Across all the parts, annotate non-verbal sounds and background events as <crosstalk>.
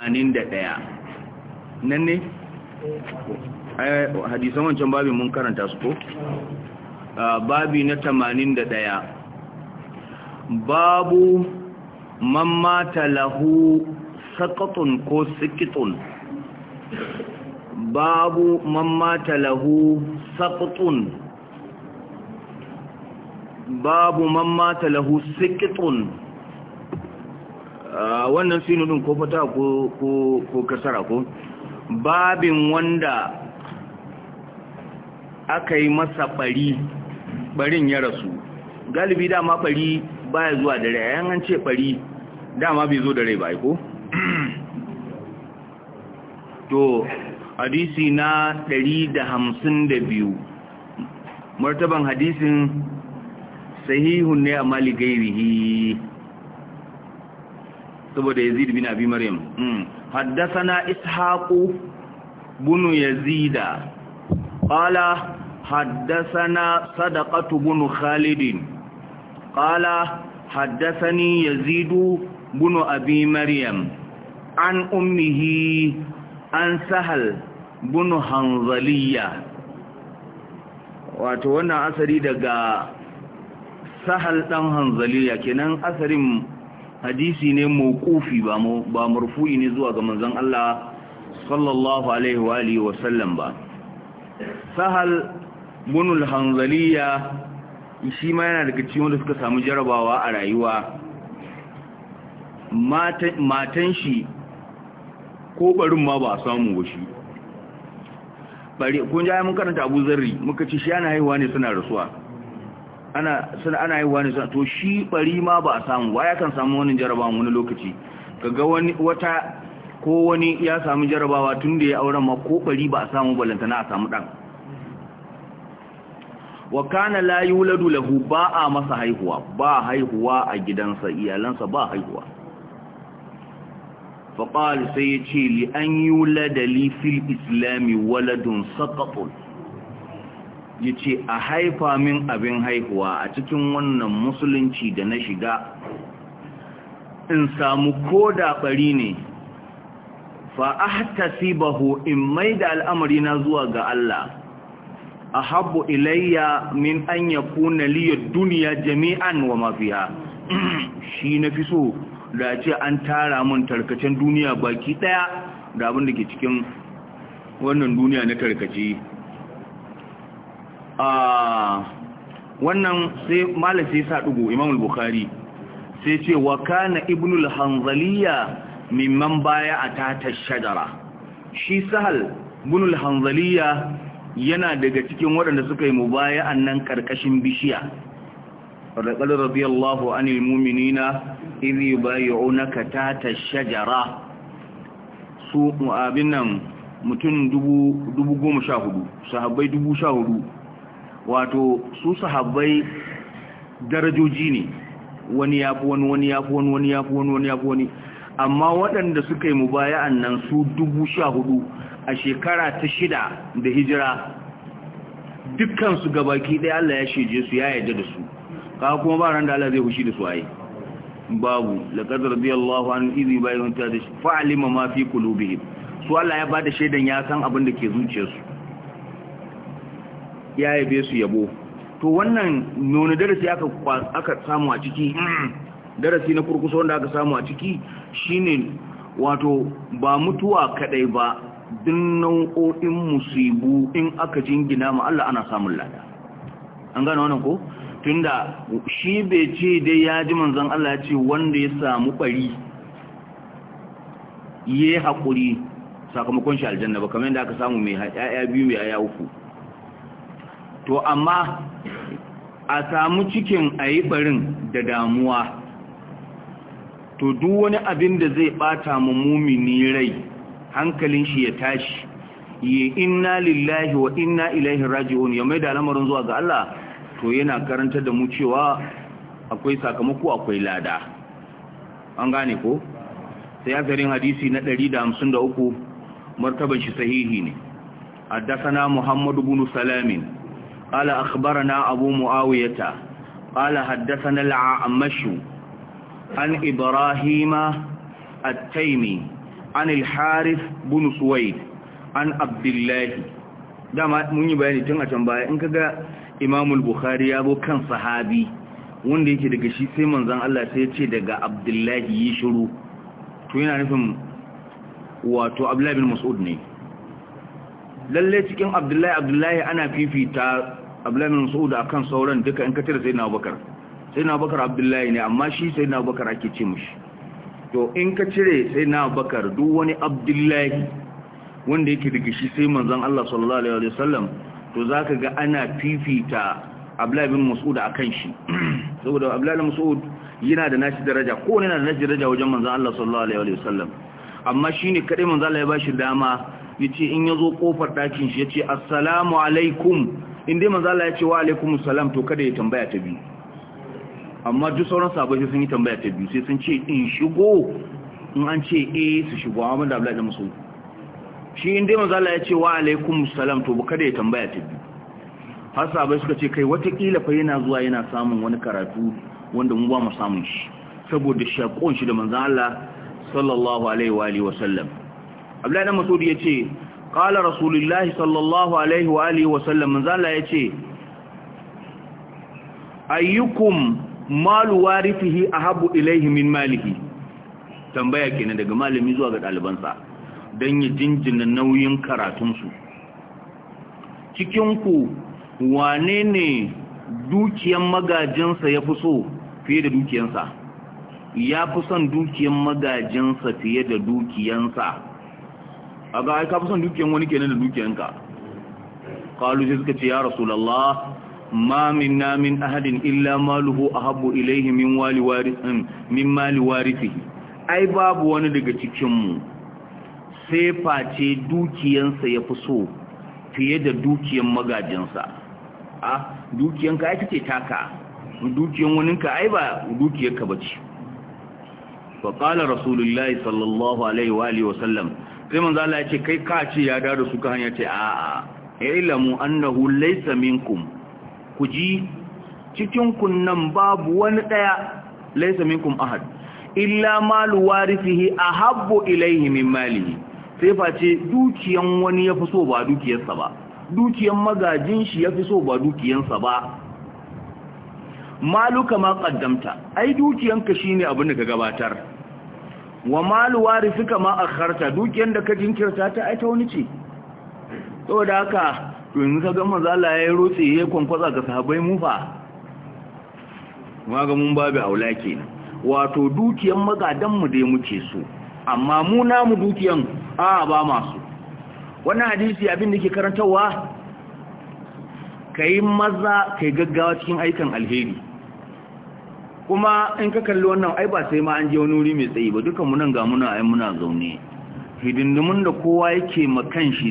ɗaya. nan ne hadisan wancan babin mun karanta su ko babi na tamanin da ɗaya. babu man mata lahu sakatun ko sikitun babu man mata lahu sakatun babu man mata lahu sikitun wannan sinu din ko fata ko ko ko kasara ko babin wanda aka yi masa bari barin ya rasu galibi dama bari baya zuwa da rai yan an ce bari dama bai zo da rai ba ko <clears throat> to hadisi na 152 martaban hadisin sahihun ne a maligairihi saboda yazid bin abi maryam hmm. haddathana ishaqu bunu yazida qala haddathana sadaqatu bunu khalid qala haddathani Yazidu, bunu abi maryam an ummihi an sahal bunu hanzaliya wato wannan asari daga sahal dan hanzaliya kenan asarin hadisi ne mawqufi ba ba marfu'i ne zuwa ga manzon Allah sallallahu alaihi wa alihi wa sallam ba sahal bin al-hanzaliya shi ma yana daga cikin wanda suka samu jarabawa a rayuwa matan shi ko barin ma ba samu ba shi bari kun ja mun karanta Abu Zarri muka ci shi yana haihuwa ne suna rasuwa ana suna ana yi wani to shi bari ma ba a samu ba ya kan samu wani jarabawa wani lokaci kaga wani wata ko wani ya samu jarabawa tunda da ya auren ma ko bari ba a samu balantana a samu dan wa kana la yuladu lahu ba a masa haihuwa ba haihuwa a gidansa iyalansa ba haihuwa fa qala sai li an yulada li fil islami waladun saqatun ya ce a haifa min abin haihuwa a cikin wannan musulunci da na shiga in samu ko da ɓari ne fa'ahtasibahu in mai da al'amari na zuwa ga Allah a habbu ilayya min an ya kuna liyar duniya jami'an wa mafiya <clears throat> shi na fi so da ce an tara mun tarkacen duniya baki ɗaya da abin da ke cikin wannan duniya na tarkace wannan sai malam sai sa dugo Imam al-Bukhari sai ce wa kana ibnu al-Hanzaliya mimman baya atata shajara shi Sahal ibnu al-Hanzaliya yana daga cikin waɗanda suka yi mubaya nan karkashin bishiya laqad radiyallahu anil mu'minina idh yubayyi'unaka tata shajara su abin nan mutum 10000 sahabbai hudu. wato su sahabbai darajoji ne wani ya fi wani wani ya fi wani wani ya fi wani wani ya fi wani amma waɗanda suka yi mu baya nan su dubu sha hudu a shekara ta shida da hijira dukkansu gabaki ɗaya Allah ya sheje su ya yarda da su ka kuma ba ran da Allah zai hushi da su ayi babu laqad radiyallahu an idh yubayyinu ta fa'alima ma fi qulubihim su Allah ya bada shaidan ya san abin da ke zuciyarsu ya yabe su yabo to wannan nuna darasi aka aka samu a ciki darasi na kurkusa wanda aka samu a ciki shine wato ba mutuwa kadai ba din nau'o'in musibu in aka jingina ma Allah ana samun lada an gane wannan ko tunda shi bai ce dai ya ji manzon Allah ya ce wanda ya samu bari yayi hakuri sakamakon shi aljanna ba kamar yadda aka samu mai yaya biyu mai yaya uku to amma a samu cikin a barin da damuwa to duk wani abin da zai bata mu mumini rai hankalin shi ya tashi yi inna lillahi wa inna ilaihi raji'un ya mai da lamarin zuwa ga Allah to yana karanta da mu cewa akwai sakamako akwai lada an gane ko sai garin hadisi na 153 martaban shi sahihi ne na Muhammadu bin Salamin. قال أخبرنا أبو معاوية قال حدثنا العامش عن إبراهيم التيمي عن الحارث بن سويد عن عبد الله dama mun yi bayani tun a can baya in kaga Imam al-Bukhari ya kan sahabi wanda yake daga shi sai manzon Allah sai ya ce daga Abdullahi yi shiru to yana nufin wato Abdullahi bin Mas'ud ne lalle cikin Abdullahi Abdullahi ana fifita abdullahi a kan sauran duka in sai na sayyidina sai na abubakar abdullahi ne amma shi sai na abubakar ake ce mishi to in ka cire na abubakar duk wani abdullahi wanda yake daga shi sai manzon Allah sallallahu alaihi wasallam to za ka ga ana fifita abdullahi bin a kan shi <clears throat> saboda abdullahi mas'ud yana da nashi daraja ko yana da nashi daraja wajen manzon Allah sallallahu alaihi wasallam amma shi ne kadai manzon Allah ya bashi dama ya ce in ya zo kofar dakin shi ce assalamu alaikum in dai manzo Allah ya ce wa alaikumus salam to kada ya tambaya ta biyu amma duk sauran sahabbai sun yi tambaya ta biyu sai sun ce in shigo in an ce eh su shigo amma da Abdullahi da musu shi in dai manzo Allah ya ce wa alaikumus salam to kada ya tambaya ta biyu har sahabbai suka ce kai watakila fa yana zuwa yana samun wani karatu wanda mu ba mu samun shi saboda shakon shi da manzo Allah sallallahu alaihi wa sallam Abdullahi da Mas'ud ya ce ƙala rasulullahi sallallahu alaihi wa alihi wasallam manzala ya ce ayyukum malu warifihi ahabu ilaihi min malihi tambaya kenan daga malami zuwa ga ɗalibansa don ya jinjina nauyin karatunsu cikinku wane ne dukiyan magajinsa ya fi so fiye da dukiyansa ya fi son dukiyan magajinsa fiye da dukiyansa a ga aika son dukiyan wani kenan da dukiyanka kalu sai suka ce ya rasulallah ma minna min ahadin illa maluhu ahabbu ilaihi min wali warithin mm, min mali warithihi ai babu wani daga cikin mu sai face dukiyansa ya fi so fiye da dukiyan magajinsa a dukiyanka ai ce taka dukiyan waninka ai ba dukiyarka bace fa qala rasulullahi sallallahu alaihi wa alihi wa sallam sai manzo Allah ya ce kai ka ce ya da su ka hanya ce a'a ilamu annahu laysa minkum ku ji cikin kunnan babu wani daya laysa minkum ahad illa malu warithihi ahabbu ilayhi min malihi sai face dukiyan wani yafi so ba dukiyarsa ba dukiyan magajin shi yafi so ba dukiyarsa ba maluka ma qaddamta ai dukiyanka shine abin da ka gabatar wa malu suka ma akharta dukiyar da ka jinkirta ta ai ta wani ce saboda haka to yanzu ka ga manzo Allah ya rotse ya kwankwasa ga sahabbai mu fa ga mun babu aula kenan wato dukiyar magadan mu dai muke so amma mu namu dukiyan a ba masu wannan hadisi abin da ke karantawa kai maza kai gaggawa cikin aikan alheri kuma in ka kalli wannan ai ba sai ma an je wani wuri mai tsayi ba dukanmu nan ga muna ai muna zaune hidindimin da kowa yake ma kanshi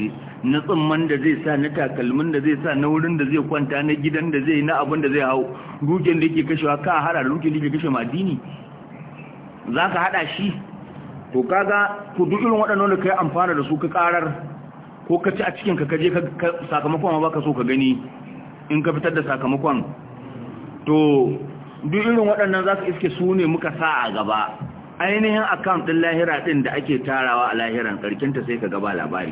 na tsimman da zai sa na takalmin da zai sa na wurin da zai kwanta na gidan da zai na abin da zai hau rukin da yake kashewa ka hada da duken da yake kashe madini za ka haɗa shi to kaga ku duk irin waɗannan da ka yi amfana da su ka ƙarar ko ka ci a cikin ka kaje sakamakon ba ka so ka gani in ka fitar da sakamakon to duk irin waɗannan za su iske su ne muka sa a gaba ainihin akant ɗin lahira ɗin da ake tarawa a lahiran ƙarkinta sai ka gaba labari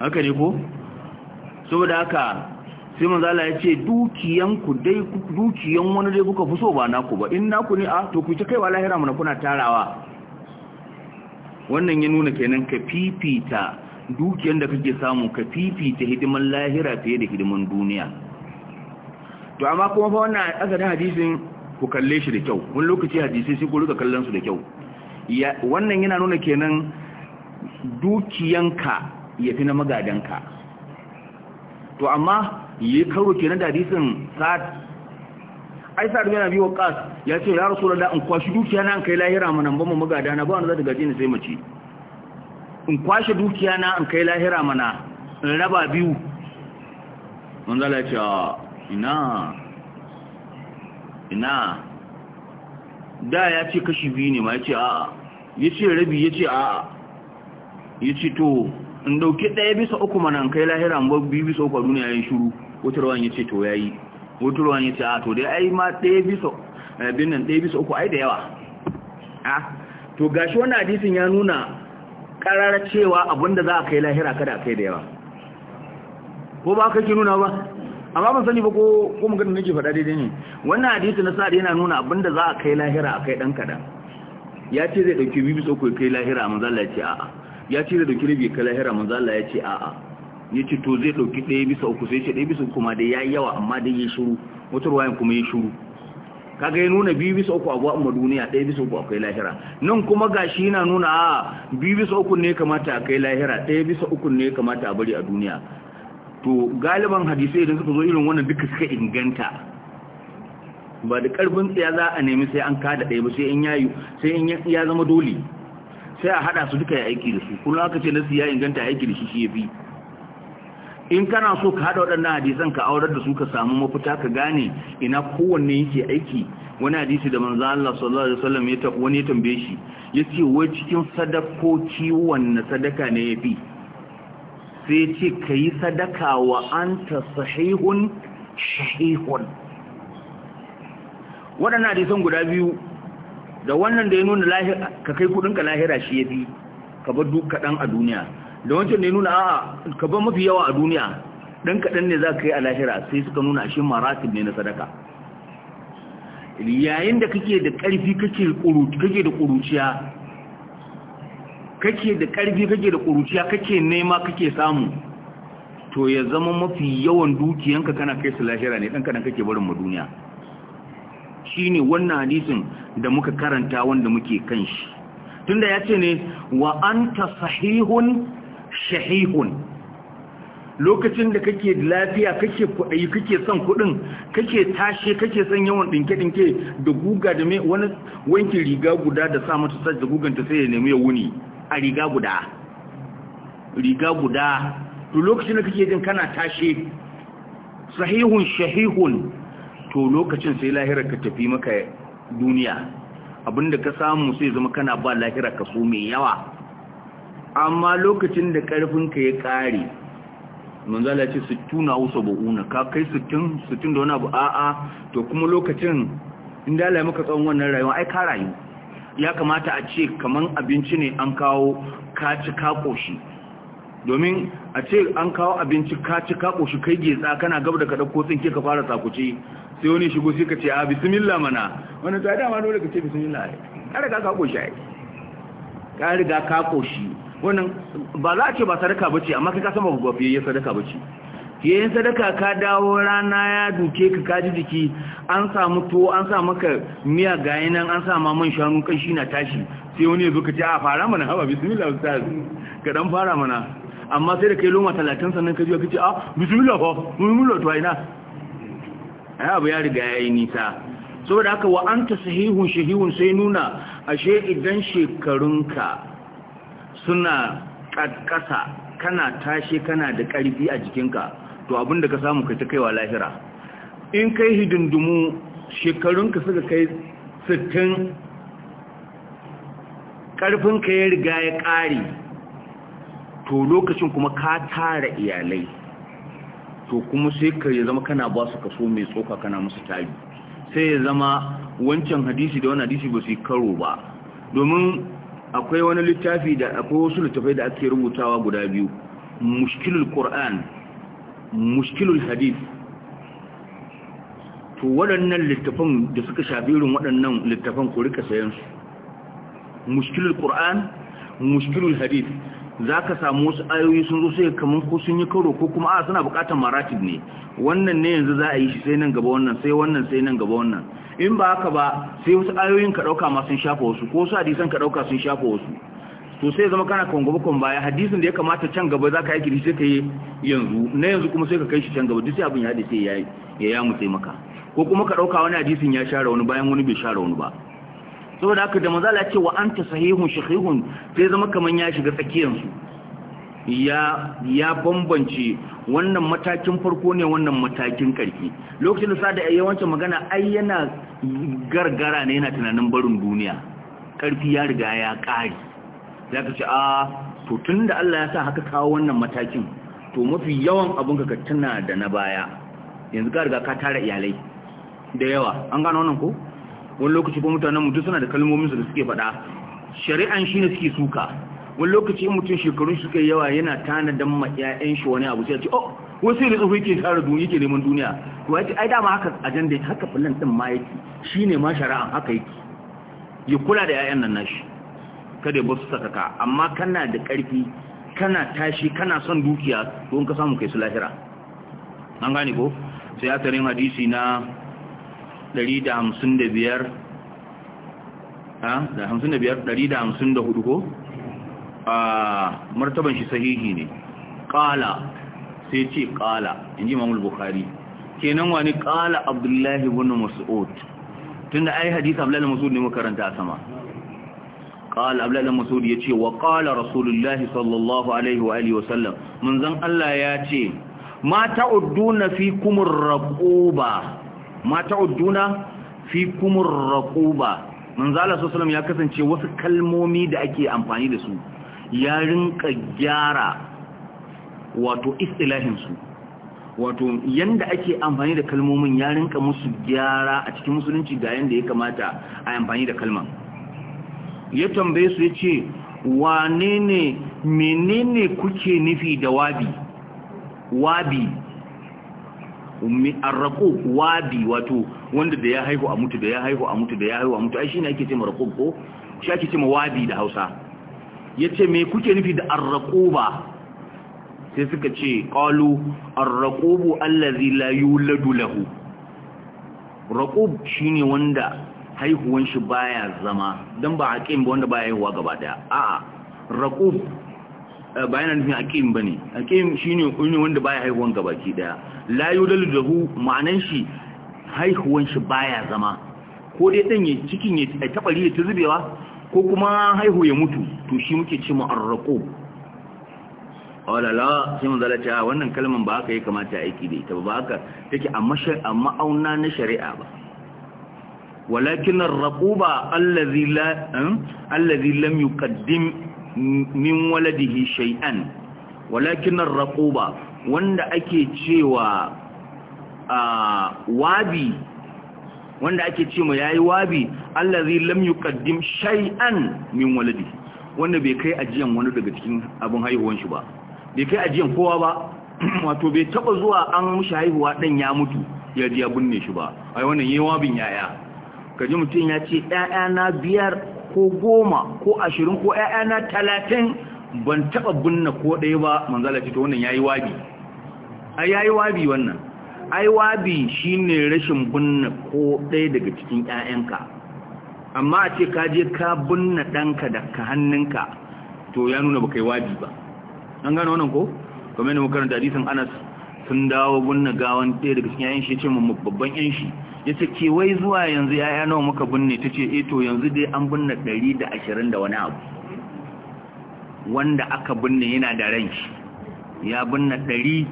haka ne ko? saboda haka sai mazala ya ce dukiyan wani dai kuka fi so ba naku ba in naku ne a ah, to ku ta kaiwa lahira mana kuna tarawa wannan ya nuna kenan ka fifita dukiyan da kake samu ka fifita hidiman lahira fiye da hidiman duniya to amma kuma fa wannan asalin hadisin ku kalle shi da kyau wani lokaci hadisi sai ku ruka kallon su da kyau wannan yana nuna kenan dukiyanka ya fi na magadanka to amma yi karo kenan da hadisin sa'ad ai sa'ad yana biyo kas ya ce ya rasu da in kwashi dukiya na in kai lahira mana ban mu magada na ba wanda za ta gaji ni sai mace in kwashi dukiya na in kai lahira mana in raba biyu manzala ya ce ina ina da ya ce kashi biyu ne ma ya ce a'a ya ce rabi ya ce a'a ya ce to in dauki daya bisa uku mana kai lahira ba biyu bisa uku a duniya ya shuru wata rawan ya ce to ya yi wata rawan ya ce a to dai ai ma daya bisa bin nan bisa uku ai da yawa a to gashi wannan hadisin ya nuna ƙararar cewa abinda za a kai lahira kada a kai da yawa ko ba ka ki nuna ba amma ban sani ba ko ko maganar nake faɗa daidai ne wannan hadisi na sa'ad yana nuna abinda za a kai lahira a kai dan kadan ya ce zai dauki bibi tsoko ya kai lahira manzo Allah ya ce a'a ya ce zai dauki ya kai lahira manzo Allah ya ce a'a ya ce to zai dauki ɗaya bisa uku sai ce ɗaya bisa uku kuma dai yayi yawa amma dai yayi shiru wata ruwayan kuma yayi shiru kaga ya nuna bibi bisa uku abuwa amma duniya ɗaya bisa uku akwai lahira nan kuma gashi yana nuna a bibi bisa uku ne kamata a kai lahira ɗaya bisa uku ne kamata a bari a duniya to galiban hadisai idan suka zo irin wannan duka suka inganta ba da karfin tsaya za a nemi sai an kada ɗaya ba sai in yayu sai in ya zama dole sai a hada su duka ya aiki da su kuma aka ce nasu ya inganta aiki da shi shi ya fi in kana so ka hada waɗannan hadisan ka aurar da su ka samu mafita ka gane ina kowanne yake aiki wani hadisi da manzo Allah sallallahu alaihi wasallam ya wani ya tambaye shi yace wai cikin sadakoki wannan sadaka ne yafi sai ce ka yi sadaka wa an ta sahihun shahihun waɗannan hadisan guda biyu da wannan da ya nuna ka kai kudinka lahira shi ya fi ka bar duk kaɗan a duniya da wancan da ya nuna a ka bar mafi yawa a duniya ɗan kaɗan ne za ka yi a lahira sai suka nuna shi maratib ne na sadaka yayin da kake da ƙarfi kake da ƙuruciya kake da ƙarfi kake da ƙuruciya kake nema kake samu to ya zama mafi yawan dukiyanka kana kai su lahira ne ɗan kaɗan kake barin duniya shi ne wannan hadisin da muka karanta wanda muke kan shi tunda ya ce ne wa an ta sahihun shahihun lokacin da kake lafiya kake kuɗi kake son kuɗin kake tashe kake son yawan ɗinke-ɗinke da guga da wani wankin riga guda da sa mata sa da guganta sai ya nemi ya wuni a riga guda riga guda to lokacin da kake jin kana tashi sahihun shahihun to lokacin sai lahirar ka tafi maka duniya abinda ka samu sai zama kana ba lahirar ka so mai yawa amma lokacin da karfin ka ya kare manzala ce 60 na usa una ka kai 60 60 da wani abu a'a to kuma lokacin inda Allah ya maka tsawon wannan rayuwa ai ka rayu ya kamata a ce kaman abinci ne an kawo kaci kakoshi domin a ce an kawo abinci kaci kakoshi kai getsa kana gab da ka dauko tsinke ka fara sakuce sai wani shigo sai ka ce a bismillah mana wani ta dama dole ka ce bismillah ka riga ka koshi ai ka riga ka koshi wannan ba za a ce ba sadaka bace amma kai ka san ba gwafiye sadaka bace yin sadaka ka dawo rana ya duke ka kaji jiki an samu to an sa maka miya gayi nan an samu man shanu kashi na tashi sai wani ya zo ka ce a fara mana haba bismillah ustaz ka dan fara mana amma sai da kai loma 30 sannan ka ji ka ce a bismillah fa bismillah to ina ai abu ya riga ya yi nisa saboda haka wa anta sahihun shahihun sai nuna ashe idan shekarunka suna ƙasa kana tashi kana da ƙarfi a jikinka to abin da ka samu kai ta kaiwa lahira in kai hidindumu shekarunka suka kai sittin ƙarfinka ya riga ya ƙare to lokacin kuma ka tara iyalai to kuma sai ka ya zama kana ba su kaso mai tsoka kana musu tari sai ya zama wancan hadisi da wani hadisi ba su yi karo ba domin akwai wani littafi da akwai wasu littafai da ake rubutawa guda biyu mushkilul qur'an mushkilul hadith to waɗannan littafan da suka shafi irin waɗannan littafan ku rika sayan su mushkilul qur'an mushkilul hadith zaka samu wasu ayoyi sun zo sai kaman ko sun yi karo ko kuma a suna buƙatar maratib ne wannan ne yanzu za a yi shi sai nan gaba wannan sai wannan sai nan gaba wannan in ba haka ba sai wasu ayoyin ka dauka ma sun shafa wasu ko su hadisan ka dauka sun shafa wasu to sai zama kana kan gaba baya hadisin da ya kamata can gaba za ka yi kiri sai ka yi yanzu na yanzu kuma sai ka kai shi can gaba duk sai abin ya haɗe sai ya ya yamu sai maka ko kuma ka ɗauka wani hadisin ya share wani bayan wani bai share wani ba saboda haka da mazala ce wa ta sahihun shahihun sai zama kaman ya shiga tsakiyansu ya ya bambance wannan matakin farko ne wannan matakin karki lokacin da sada yawancin magana ai yana gargara ne yana tunanin barin duniya karfi ya riga ya ƙare za ka ce a ah, to tun da Allah ya sa haka kawo wannan matakin to mafi yawan abin ka tuna da na baya yanzu ka riga ka tara iyalai da yawa an gano wannan ko wani lokaci ko mutanen mutum suna da kalmomin su da suke faɗa shari'an shi ne suke suka wani lokaci in mutum shekaru suka yawa yana tanadan ma 'ya'yan shi wani abu sai ya ce oh wasu da tsofi ke tara duniya ke neman duniya to ya ce ai dama haka ajanda haka fulan din ma yake shine ma shari'an haka yake ya kula da 'ya'yan nan nashi kada ba su saka ka amma kana da ƙarfi kana tashi kana son dukiya don ka samu kai su lahira an gane ko sai asarin hadisi na 155 da 55 154 ko a martaban shi sahihi ne ƙala sai ce ƙala in ji mamul bukari kenan wani ƙala abdullahi bin mas'ud tunda ai hadisi abdullahi mas'ud ne makaranta a sama قال أبلا لما سود يتي وقال رسول الله صلى الله عليه وآله وسلم من ذن الله ياتي ما تعدون فيكم الرقوبة ما تعدون فيكم الرقوبة من ذا الله صلى الله عليه وسلم يكسن شيء وفي كلمومي دا أكي أمفاني لسو يرنك جارة واتو استلاهم سو wato yanda ake amfani da kalmomin ya rinka musu gyara a cikin musulunci ga yanda ya kamata a amfani da kalman ya tambaye su ya ce wane ne menene kuke nufi da wabi wabi arraƙo wabi wato wanda da ya haihu a mutu da ya haihu a mutu da ya haihu a mutu ai shi ne ake ce maraƙo ko shi ake ce wabi da hausa ya ce me kuke nufi da arraƙo ba sai suka ce qalu arraƙo allazi la yuladu lahu raqub shi ne wanda haihuwan shi baya zama don ba aqim ba wanda baya haihuwa gaba daya a'a raqub eh, bayan nufin aqim bane aqim shine ne wanda baya haihuwan gabaki daya la yudalu lahu ma'anan shi haihuwan shi baya zama ko dai dan ya cikin ya tabari ya zubewa ko kuma haihu ya mutu to shi muke ce mu raƙo walala sai mun cewa ah, wannan kalman ba haka ya kamata aiki da ita ba haka take amma amma auna na shari'a ba Eh, walakin ar-raquba wanda ake cewa ah, wabi wanda ake cewa yayi wabi allazi lam yuqaddim shay'an min wanda bai kai ajiyan wani daga cikin haihuwan shi ba bai kai ajiyan kowa ba <clears throat> wato bai taba zuwa an mushi haihuwa dan ya mutu ya ji ya binne shi ba ai wannan yayi wabin yaya kaji mutum ya ce ‘ya'yana biyar ko goma ko ashirin ko ‘ya'yana talatin ban taɓa binne ko ɗaya ba manzala ce ta wannan ya yi wabi a ya yi wabi wannan ai wabi shi ne rashin binne ko ɗaya daga cikin ‘ya'yanka amma a ce ka je ka binne ɗanka da ka hannunka to ya nuna ba kai wabi ba an gano wannan ko kamar makaranta hadisin anas sun dawo binne gawan ɗaya daga cikin yayin shi ce mu babban yan shi ya ce ke wai zuwa yanzu yaya nawa muka binne ta ce eh to yanzu dai an binne ɗari da ashirin da wani abu wanda aka binne yana da ran shi ya binne ɗari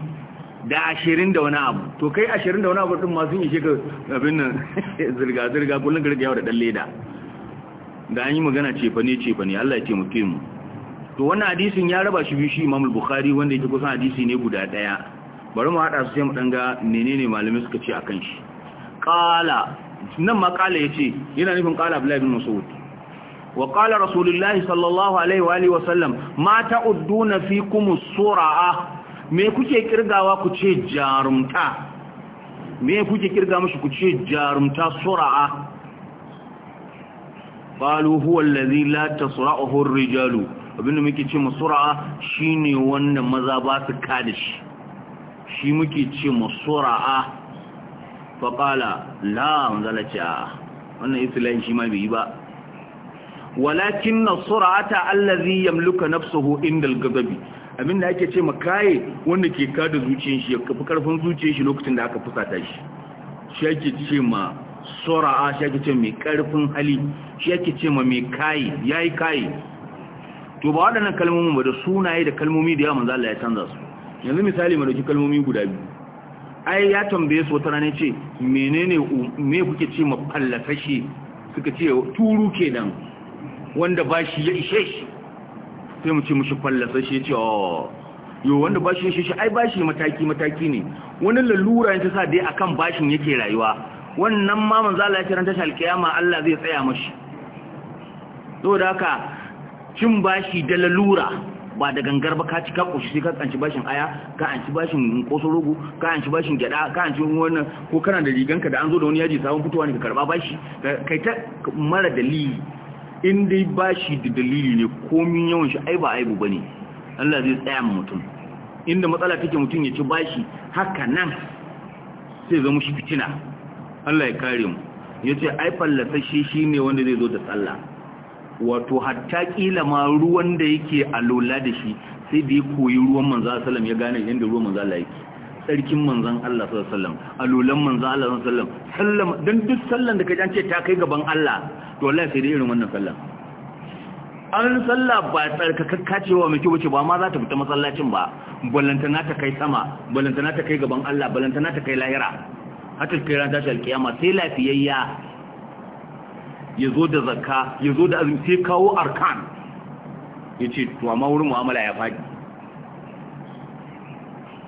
da ashirin da wani abu to kai ashirin da wani abu ɗin masu yi shiga abin nan <laughs> zirga-zirga kullum ka yawa da ɗan leda da an yi magana cefa ne cefa ne Allah ya ce mutum to wannan hadisin ya raba shi biyu shi imam bukhari wanda yake kusan hadisi ne guda ɗaya bari mu haɗa su sai mu ɗan ga menene malamai suka ce a kan shi ƙala nan ma ƙala ya ce yana nufin ƙala abu laifin masu wuta wa ƙala rasulullahi sallallahu alaihi wa sallam mata udduna fi kuma sura'a me kuke kirgawa ku ce jarumta me kuke kirga mashi ku ce jarumta sura'a qalu huwa allazi la tasra'uhu ar-rijalu da muke ce mu sura'a shine wannan maza ba su kada shi shi muke ce musura'a faƙala la manzalace a wannan islayin shi ma bai yi ba walakin na sura'ata allazi yamluka nafsuhu inda al-gazabi abinda ake ce makaye wanda ke kada zuciyar shi ya kafi karfin zuciyar shi lokacin da aka fusata shi shi ake ce ma sura'a shi ake ce mai karfin hali shi ake ce ma mai ya yi kayi. to ba waɗannan kalmomin ba da sunaye da kalmomi da yawa manzo Allah ya canza su yanzu misali dauki kalmomi guda biyu ai ya tambaye su wata rana ce menene me kuke ce ma fallasashi suka ce turu kenan wanda ba shi ya ishe shi sai mu ce mushi fallafashi ya ce oh, yo wanda ba shi ya ishe shi ai shi mataki mataki ne wani lalura ya ta sa dai akan bashin yake rayuwa wannan ma manzo Allah ya ce ran alkiyama Allah zai tsaya mashi saboda haka cin bashi da lalura ba da gangar ba ka ci ka ƙoshi sai ka kanci bashin aya ka anci bashin koso rogo ka anci bashin gyada ka anci wannan ko kana da riganka da an zo da wani yaji sabon fitowa ne ka karba bashi kai ta mara dalili in dai bashi da dalili ne komin yawan shi ai ba aibu bane Allah zai tsaya ma mutum inda matsala take mutum ya ci bashi haka nan sai zama shi fitina Allah ya kare mu yace ai fallasa shi ne wanda zai zo da sallah wato hatta kila ma ruwan da yake alola da shi sai da ya koyi ruwan manzan sallam ya gane yadda ruwan manzan Allah yake tsarkin manzan Allah sallam a lolan alolan manzan Allah sallam sallam dan duk sallan da ka an ce ta kai gaban Allah to wallahi sai da irin wannan sallan an sallah ba tsarkakakka cewa mai kyau ce ba ma za ta fita masallacin ba ballantana ta kai sama ballantana ta kai gaban Allah ballantana ta kai lahira hatta kai ran tashi alkiyama sai lafiyayya ya zo da zakka ya zo da azumi sai kawo arkan ya ce to amma wurin mu'amala ya faɗi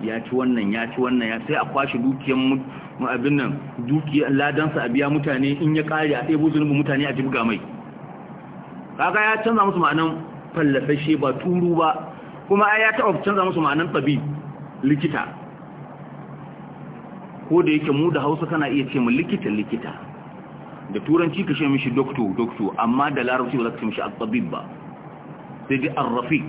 ya ci wannan ya ci wannan ya sai a kwashe dukiyan abin nan dukiyan ladansa a biya mutane in ya kare a ɗebo zunubin mutane a jibga mai kaga ya canza musu ma'anan fallafashe ba turu ba kuma ai ya taɓa canza musu ma'anan tabi likita ko da yake mu da hausa kana iya ce mu likita likita da turanci ka ce mishi doktor doktor amma da larabci ba za ka mishi al-tabib ba sai dai ar rafiq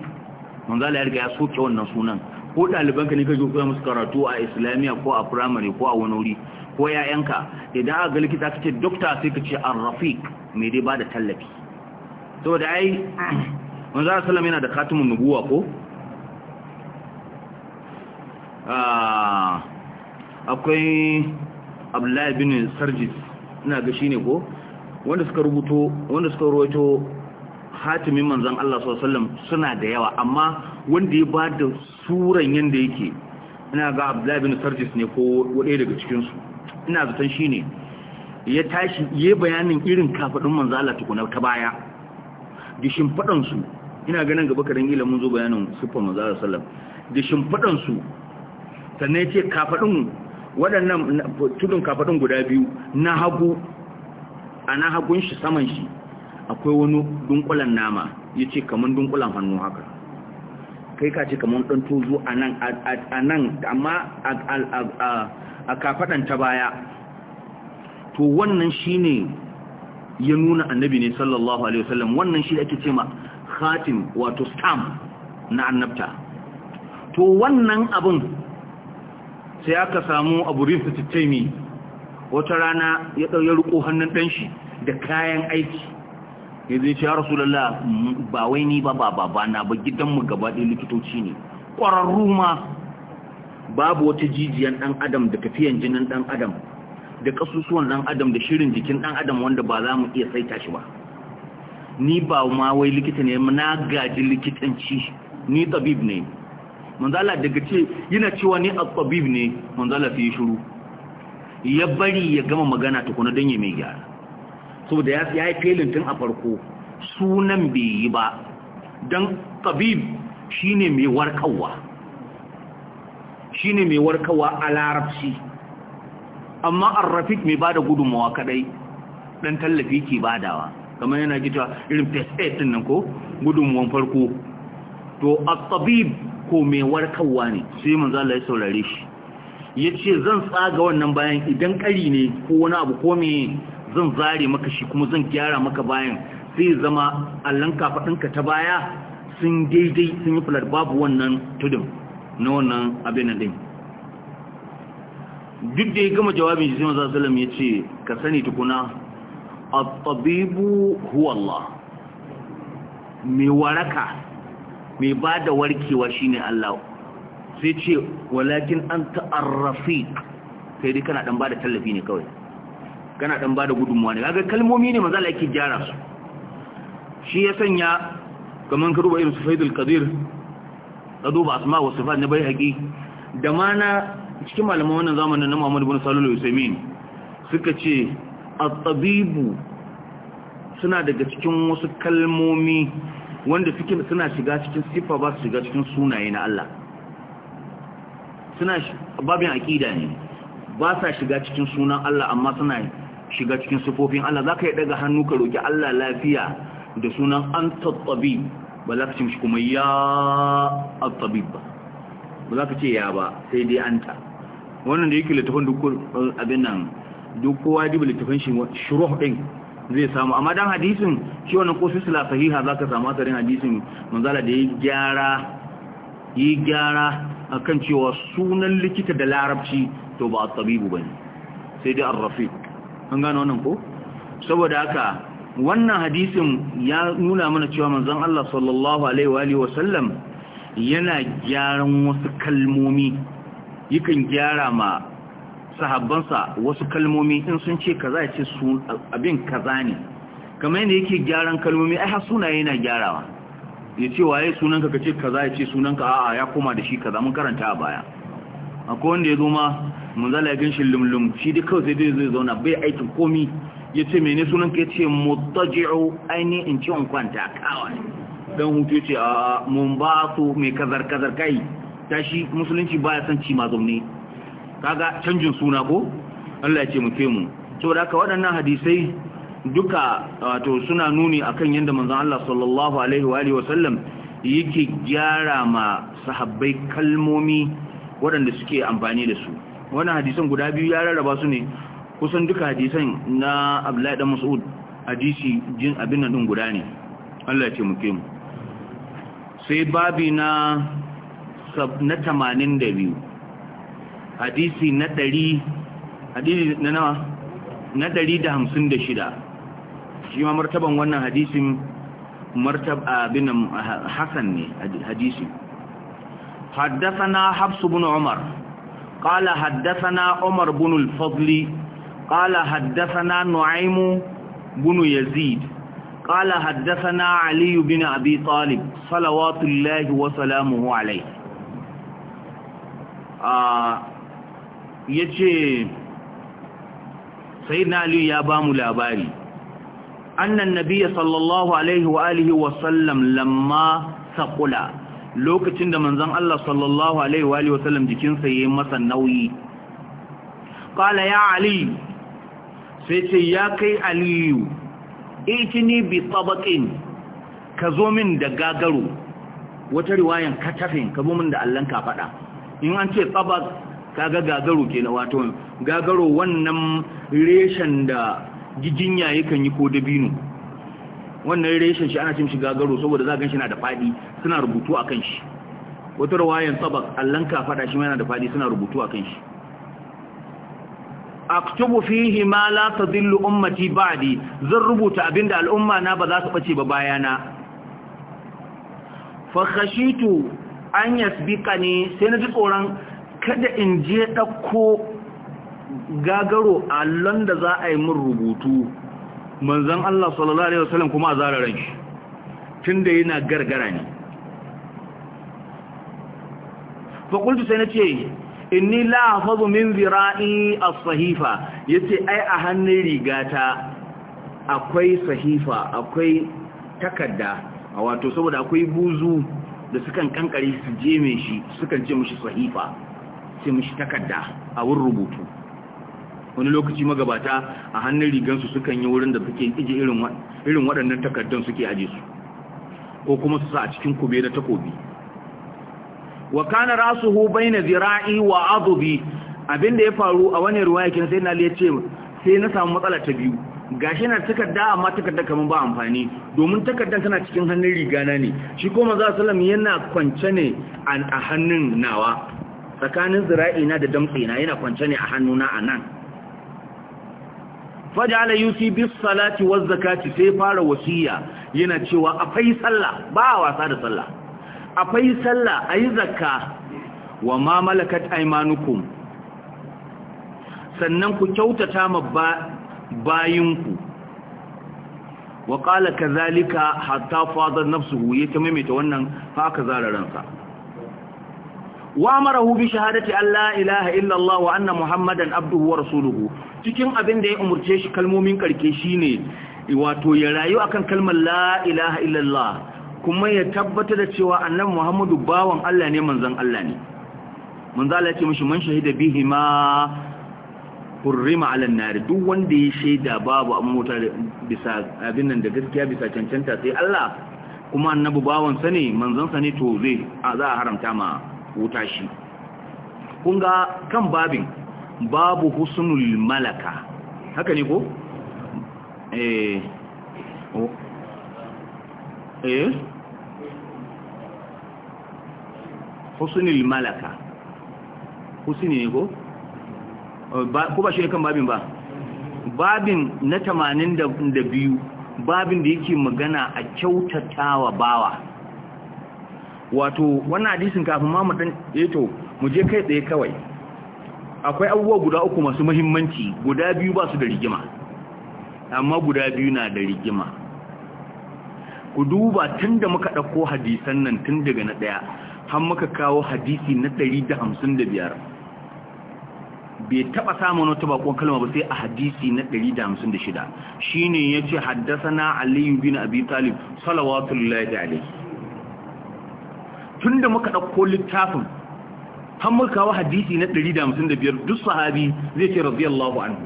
manzo Allah ya riga ya soke wannan sunan ko ka ne ka zo koya musu karatu a islamiyya ko a firamare ko a wani wuri ko 'ya'yanka idan aka ga likita ka ce dokta sai ka ce ar rafiq mai dai ba da tallafi saboda ai <clears throat> manzo Allah sallama yana da khatimun nubuwa ko ah, akwai Abdullahi bin Sarjis ina ga ne ko wanda suka rubuto wanda suka rawaito hatimin manzon Allah sallallahu alaihi wasallam suna da yawa amma wanda ya ba da suran yanda yake ina ga Abdullahi bin Sarjis ne ko wadai daga cikin su ina zaton shine ya tashi ya bayanin irin kafadin manzon Allah tukuna ta baya dishin fadan su ina ganin gaba karin ila mun zo bayanin sifar manzon Allah sallallahu alaihi wasallam dishin fadan su sannan ya ce kafaɗin waɗannan tudun kafaɗin guda biyu na hagu a na hagun shi saman shi akwai wani dunkulan nama ya ce kamar dunkulan hannu haka kai ka ce kamar ɗan tozo a nan amma a kafaɗan ta baya to wannan shi ne ya nuna annabi ne sallallahu alaihi wasallam wannan shi da ake ce ma khatim wato stamp na annabta to wannan abin sai aka samu abu rifa tattaimi wata rana ya ɗauya riko hannun ɗanshi da kayan aiki ya zai ce ya lalla ba wai ni ba ba ba na ba gidanmu gaba ɗin likitoci ne ƙwararru ma babu wata jijiyan ɗan adam da tafiyan jinin ɗan adam da ƙasusuwan ɗan adam da shirin jikin ɗan adam wanda ba za mu iya saita shi ba ni ba ma wai likita ne na gaji likitanci ni tabib ne manzala daga ce yana cewa ne a tsabib ne manzala fi shiru ya bari ya gama magana tukuna don ya mai gyara saboda ya ya yi felin tun a farko sunan bai yi ba don shi shine mai shi ne mai warkawa a larabci amma rafik mai bada gudunmawa kadai dan tallafi ke badawa kamar yana gita irin first aid ko gudunmawan farko to a tsabib ko mai warkarwa ne sai manzo Allah ya saurare shi yace zan tsaga wannan bayan idan kari ne ko wani abu ko me zan zare maka shi kuma zan gyara maka bayan sai zama allan ka ta baya sun daidai sun yi fular babu wannan tudun na wannan abin din duk da ya gama jawabin shi maza zalam ya ce ka sani tukuna a tabibu Allah mai waraka mai ba da warkewa shine Allah sai ce walakin an ta'arrafi sai dai kana dan ba da tallafi ne kawai kana dan ba da gudunmuwa ne kaga kalmomi ne maza yake gyara su shi ya sanya kaman ka duba irin su Faidul kadir ka duba asma wa sufa na bai haƙi da ma na cikin malaman wannan zamanin na muhammadu bin Salul Usaimin suka ce a tsabibu suna daga cikin wasu kalmomi wanda suke suna shiga cikin siffa ba su shiga cikin sunaye na Allah suna babin aqida ne ba sa shiga cikin sunan Allah amma suna shiga cikin sifofin Allah zaka yi daga hannu ka roki Allah lafiya da sunan anta tabib ba za ka ce mishi kuma ya at-tabib ba ba za ka ce ya ba sai dai anta wannan da yake littafin duk abin nan duk kowa dibi littafin shi shuruh din zai samu amma dan hadisin shi wannan ko sila sahiha zaka samu asarin hadisin manzala da yi gyara yi gyara akan cewa sunan likita da larabci to ba at-tabibu bane sai dai ar-rafiq an gano wannan ko saboda haka wannan hadisin ya nuna mana cewa manzon Allah sallallahu alaihi wa alihi wasallam yana gyaran wasu kalmomi yakan gyara ma sahabbansa wasu kalmomi in sun ce kaza ce su abin kaza ne kamar yadda yake gyaran kalmomi ai har sunaye yana gyarawa ya ce waye sunanka kace kaza ya ce sunanka a'a ya koma da shi kaza mun karanta a baya akwai wanda ya zo ma mun zala gan shi lumlum shi dai kawai zai zai zauna bai aikin komi ya ce mene sunanka ya ce mutaji'u aini in ci in kwanta kawai dan hutu ya ce a mun ba su mai kazar kazar kai tashi musulunci baya son ci mazumni kaga canjin suna ko Allah ya ce mu mu saboda haka waɗannan hadisai duka wato suna nuni akan yadda manzon Allah sallallahu alaihi wa alihi wasallam yake gyara ma sahabbai kalmomi waɗanda suke amfani da su wannan hadisan guda biyu ya rarraba su ne kusan duka hadisan na Abdullahi dan Mas'ud hadisi jin abin nan guda ne Allah ya ce mu sai babi na na 82 hadisi na ɗari hadisi na nawa na ɗari da hamsin da shida shi ma martaban wannan hadisin martab abin hasan ne hadisi حدثنا حفص Umar, ƙala قال حدثنا Umar bin الفضل قال حدثنا نعيم بن bin Yazid, حدثنا علي بن أبي طالب صلوات الله وسلامه عليه آه ya ce sai na aliyu ya ba mu labari annan nabiya sallallahu alaihi wa alihi wasallam lamma saƙula lokacin da manzan Allah sallallahu alaihi wa alihi wasallam jikinsa ya yi masa nauyi ƙala ya ali sai ce ya kai aliyu itini bi tsabaƙin ka zo min da gagaru wata riwayan katafin ka zo min da allon ka faɗa in an ce tsabak kaga gagaro kenan wato gagaro wannan reshen da giginya yakan yi ko dabino wannan reshen shi ana cin shi gagaro saboda za gan shi na da fadi suna rubutu a kan shi wata rawayan sabak allan ka fada shi na da fadi suna rubutu a kan shi aktubu fihi ma la tadillu ummati ba'di zan rubuta abinda al'umma na ba za su bace ba bayana fa khashitu an yasbiqani sai na ji tsoron kada in je ɗauko gagaro allon da za a yi min rubutu manzan Allah sallallahu Alaihi wasallam kuma a zararen shi tun da yana gargara ne fakultu sai na ce inni la min zira'i a sahifa ya ce ai a hannun rigata akwai sahifa akwai takarda a wato saboda akwai buzu da sukan kankare su je mai shi sukan ce mashi sahifa sai takarda a wurin rubutu wani lokaci magabata a hannun rigansu sukan yi wurin da suke ije irin waɗannan takardun suke aje su ko kuma su sa a cikin kube da takobi wa kana rasuhu baina zira'i wa adubi abinda ya faru a wani ruwaya kin sai na ya ce sai na samu matsala ta biyu gashi na takarda amma takarda kaman ba amfani domin takardan tana cikin hannun rigana ne shi kuma manzo sallallahu alaihi wasallam yana kwance ne a hannun nawa tsakanin zira'ina da damtsina yana kwance ne a hannuna a nan fajala yusi bis salati waz zakati sai fara wasiya yana cewa akwai sallah ba wasa da sallah afai sallah ayi zakka wa ma malakat aymanukum sannan ku kyautata ma bayinku wa qala kadhalika hatta fadha nafsuhu yake maimaita wannan fa zara ransa وامره بشهادة أن لا إله إلا الله وأن محمدا عبده ورسوله cikin abin da ya umurce shi kalmomin karke shine wato ya rayu akan kalmar la ilaha illallah kuma ya tabbata da cewa annabi Muhammadu bawan Allah ne manzon Allah ne manzo Allah ya ce shahida bihi ma hurrima ala duk wanda ya shaida babu an mota bisa abin nan da gaskiya bisa cancanta sai Allah kuma annabi bawan sa ne manzon sa ne to zai za a haramta ma wuta shi kun ga kan babin babu husnul malaka haka ne ko eh oh. eh husnul malaka husni ne ko eh, ko ba shi ne kan babin ba babin na 82 babin da yake magana a kyautatawa bawa wato wannan hadisin kafin ma mu dan eto eh mu je kai tsaye kawai akwai abubuwa guda uku masu muhimmanci guda biyu ba su da rigima amma guda biyu na da rigima ku duba tun da muka ɗauko hadisan nan tun daga na ɗaya har muka kawo hadisi na ɗari da da biyar. bai taɓa samun wata bakon kalma ba sai a hadisi na ɗari da da shida. ya ce haddasa na aliyu bin abi talib salawatullahi alaihi tun da muka ɗauko littafin har muka kawo hadisi na 155 duk sahabi zai ce radiyallahu anhu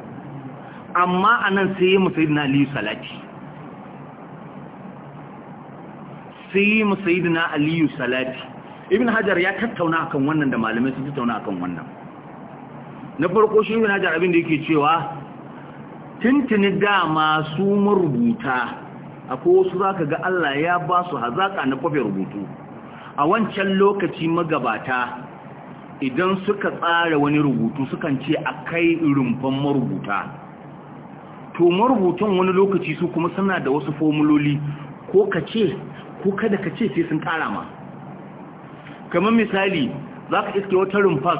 amma anan sai mu na ali salati sai mu na ali salati ibn hajar ya tattauna akan wannan da malamai sun tattauna akan wannan na farko shi ibn hajar abin da yake cewa tintini dama su marubuta akwai wasu ka ga Allah ya ba su hazaka na kwafe rubutu a wancan lokaci magabata idan suka tsara wani rubutu sukan ce a kai rumfan marubuta to marubutan wani lokaci su kuma suna da wasu fomuloli ko ka ce ko kada ka ce sai sun kara ma kamar misali za ka iske wata rumfas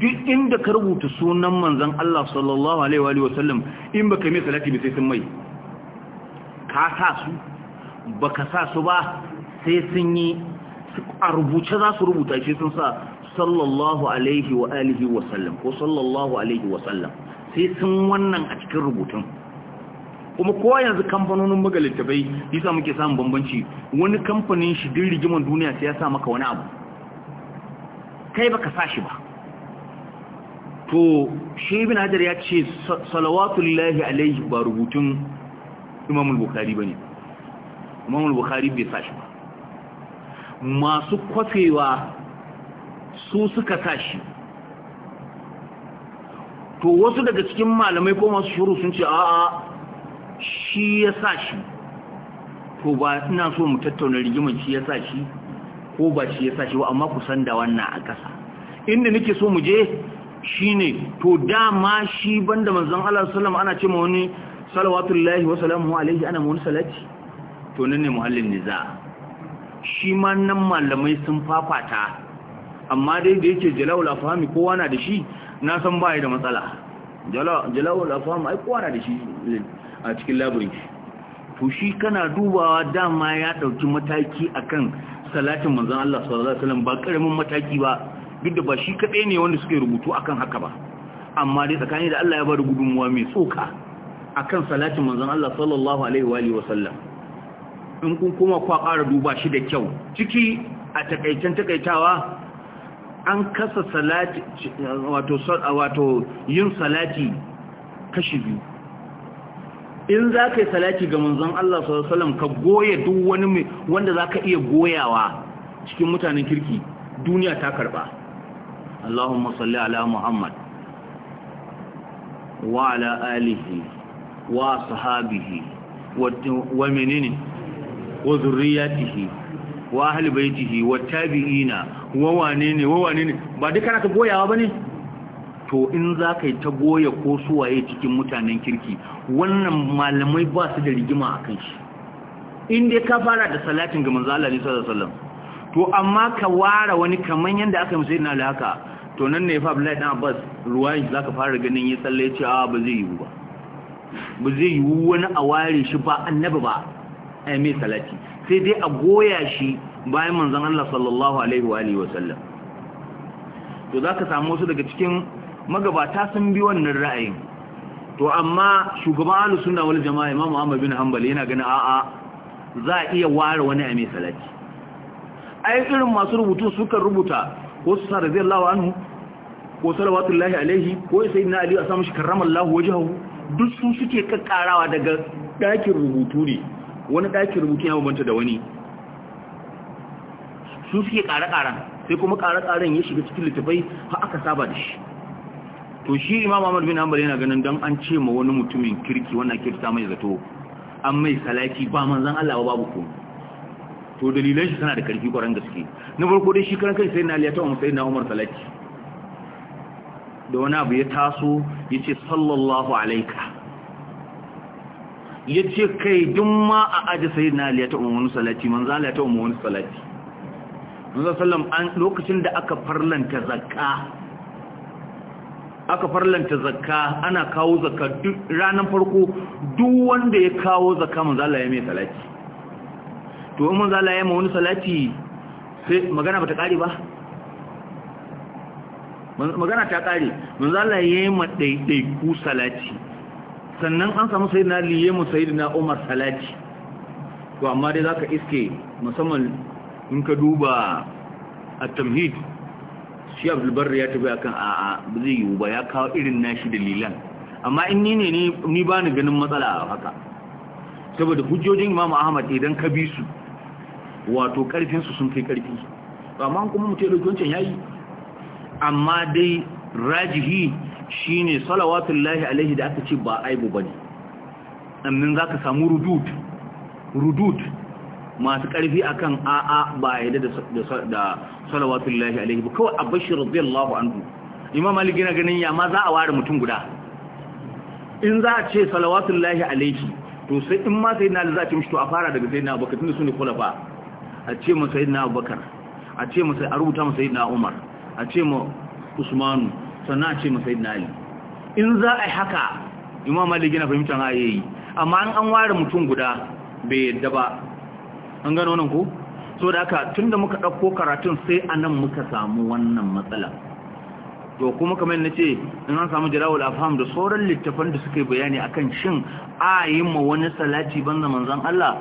duk inda ka rubuta sunan manzan Allah sallallahu Alaihi wasallam in baka mai salati bai sai sun mai ka sa su baka sa su ba sai sun yi a rubuce za su rubuta shi sun sa sallallahu alaihi wa alihi wa sallam ko sallallahu alaihi wa sallam sai sun wannan a cikin rubutun kuma kowa yanzu kamfanonin buga yasa muke samun bambanci wani kamfanin shi din rigiman duniya sai ya sa maka wani abu kai baka sa shi ba to shi ibn hajar ya ce salawatullahi alaihi ba rubutun imamul bukhari bane imamul al-bukhari bai sa shi ba masu kwafewa su suka tashi to wasu daga cikin malamai ko masu shuru sun ce a'a shi ya sa shi to ba ina so mu tattauna rigimin shi ya sa shi ko ba shi ya sa shi ba amma ku san da wannan a ƙasa inda nake so mu je shine to dama shi banda manzon Allah sallallahu ana ce ma wani salawatullahi wa salamuhu alaihi ana mun salati to nan ne muhallin niza shi ma nan malamai sun fafata amma dai da yake jalawul afhami kowa na da shi na san baya da matsala jalawul afhami ai kowa na da shi a cikin labirin to shi kana dubawa dama ya dauki mataki akan salatin manzon Allah sallallahu alaihi wasallam ba karamin mataki ba duk da ba shi kadai ne wanda suke rubutu akan haka ba amma dai tsakani da Allah ya ba da gudunmuwa mai tsoka akan salatin manzon Allah sallallahu alaihi wa alihi wasallam in kun kuma kwa ƙara duba shi da kyau ciki a takaicen takaitawa an kasa salati wato wato yin salati kashi biyu in za ka yi salati ga manzon Allah sallallahu alaihi wasallam ka goye duk wani wanda za ka iya goyawa cikin mutanen kirki duniya ta karba Allahumma salli ala Muhammad wa ala alihi wa sahabihi wa menene wa zurriyatihi wa ahli baitihi wa tabi'ina wa wane ne wa wane ne ba duka naka goyawa bane to in za ka yi ta goya ko suwaye cikin mutanen kirki wannan malamai ba su da rigima a kan shi in dai ka fara da salatin ga manzo Allah ne sallallahu alaihi wasallam to amma ka ware wani kaman yanda aka yi sayyidina Ali haka to nan ne fa Abdullahi dan Abbas ruwayi zaka fara ganin ya tsalle ce a ba zai yiwu ba ba zai yiwu wani a ware shi ba annabi ba ai salati sai dai a goya shi bayan manzon Allah sallallahu alaihi wa alihi wasallam to zaka samu wasu daga cikin magabata sun bi wannan ra'ayin to amma shugaban ahlus sunna wal jamaa Imam Ahmad bin Hanbali yana ganin a'a za a iya ware wani a mai salati ai irin masu rubutu suka rubuta ko su sa radiyallahu anhu ko salawatullahi alaihi ko sayyidina ali a shi karramallahu wajhahu duk su suke kakkarawa daga dakin rubutu ne wani ɗakin rubutun ya bambanta da wani Sun suke ƙare-ƙaren sai kuma ƙare-ƙaren ya shiga cikin littafai ha aka saba da shi to shi imam ahmad bin hanbal yana ganin don an ce ma wani mutumin kirki wannan kirta mai zato an mai salaki ba manzan Allah ba babu komai to dalilan shi suna da karfi kwaran gaske na farko dai shi karan kai sai na wa umar na umar salaki da wani abu ya taso ya ce, sallallahu alaika ya ce kai duk ma a aji sai na liyata umarni salati man za liyata umarni salati manzo sallam an lokacin da aka farlanta zakka aka farlanta zakka ana kawo zakka duk ranar farko duk wanda ya kawo zakka za a yi mai salati to man za a yi mai wani salati sai magana ta kare ba magana ta kare man za a yi ma ɗaiɗaiku salati sannan an samu sayyidina na liye mu na Umar salati to amma dai zaka iske musamman in ka duba at-tamhid shi Abdul Barri ya tafi akan a'a a zai yiwu ba ya kawo irin nashi dalilan amma in ni ne ni ba ni ganin matsala haka saboda hujjojin Imam Ahmad idan ka bi su wato karfin su sun kai karfi amma kuma mutai ya dauki wancan yayi amma dai rajihi shine lahi alaihi da aka ce ba aibu bane annin zaka samu rudud rudud masu karfi akan a'a ba yadda da lahi alaihi ba kawai abashir radiyallahu anhu imam Ali gina ganin ya ma za a ware mutum guda in za a ce lahi alaihi to sai in ma sayyidina ali za a ce mishi to a fara daga sayyidina abubakar tunda sune khulafa a ce ma sayyidina abubakar a ce ma sai a rubuta ma sayyidina umar a ce ma usmanu sannan a ce masai na in za a haka imam maliki na fahimtar ayayi amma an an ware mutum guda bai yadda ba an gano nan ku so da haka tun da muka ɗauko karatun sai a nan muka samu wannan matsala to kuma kamar na ce in an samu jirawul afham da sauran littafan da suka yi bayani akan shin a yi ma wani salati banza manzan Allah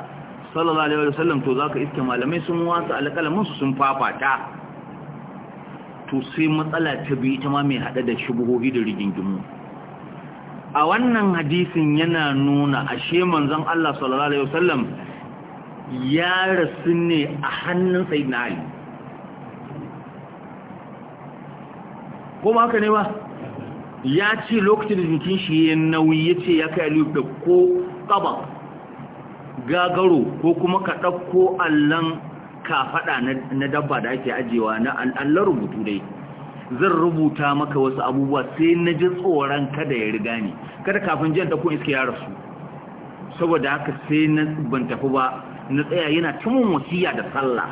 sallallahu alaihi wasallam to za ka iske malamai sun wasa alƙalamin su sun fafata to sai matsala ta biyu ta ma mai haɗe da shubuhohi da rigingimu a wannan hadisin yana nuna ashe manzon Allah sallallahu alaihi wasallam ya rasu ne a hannun sayyidina Ali ko ba haka ne ba ya ce lokacin da jikin shi ya nauyi ya ce ya kai aliyu da ko kaba gagaro ko kuma ka ɗauko allon ka faɗa na dabba da ake ajewa na allar rubutu dai zan rubuta maka wasu abubuwa sai na ji tsoron kada ya riga ni kada kafin jan ta ko iska ya rasu saboda haka sai na ban tafi ba na tsaya yana cimin wasiya da sallah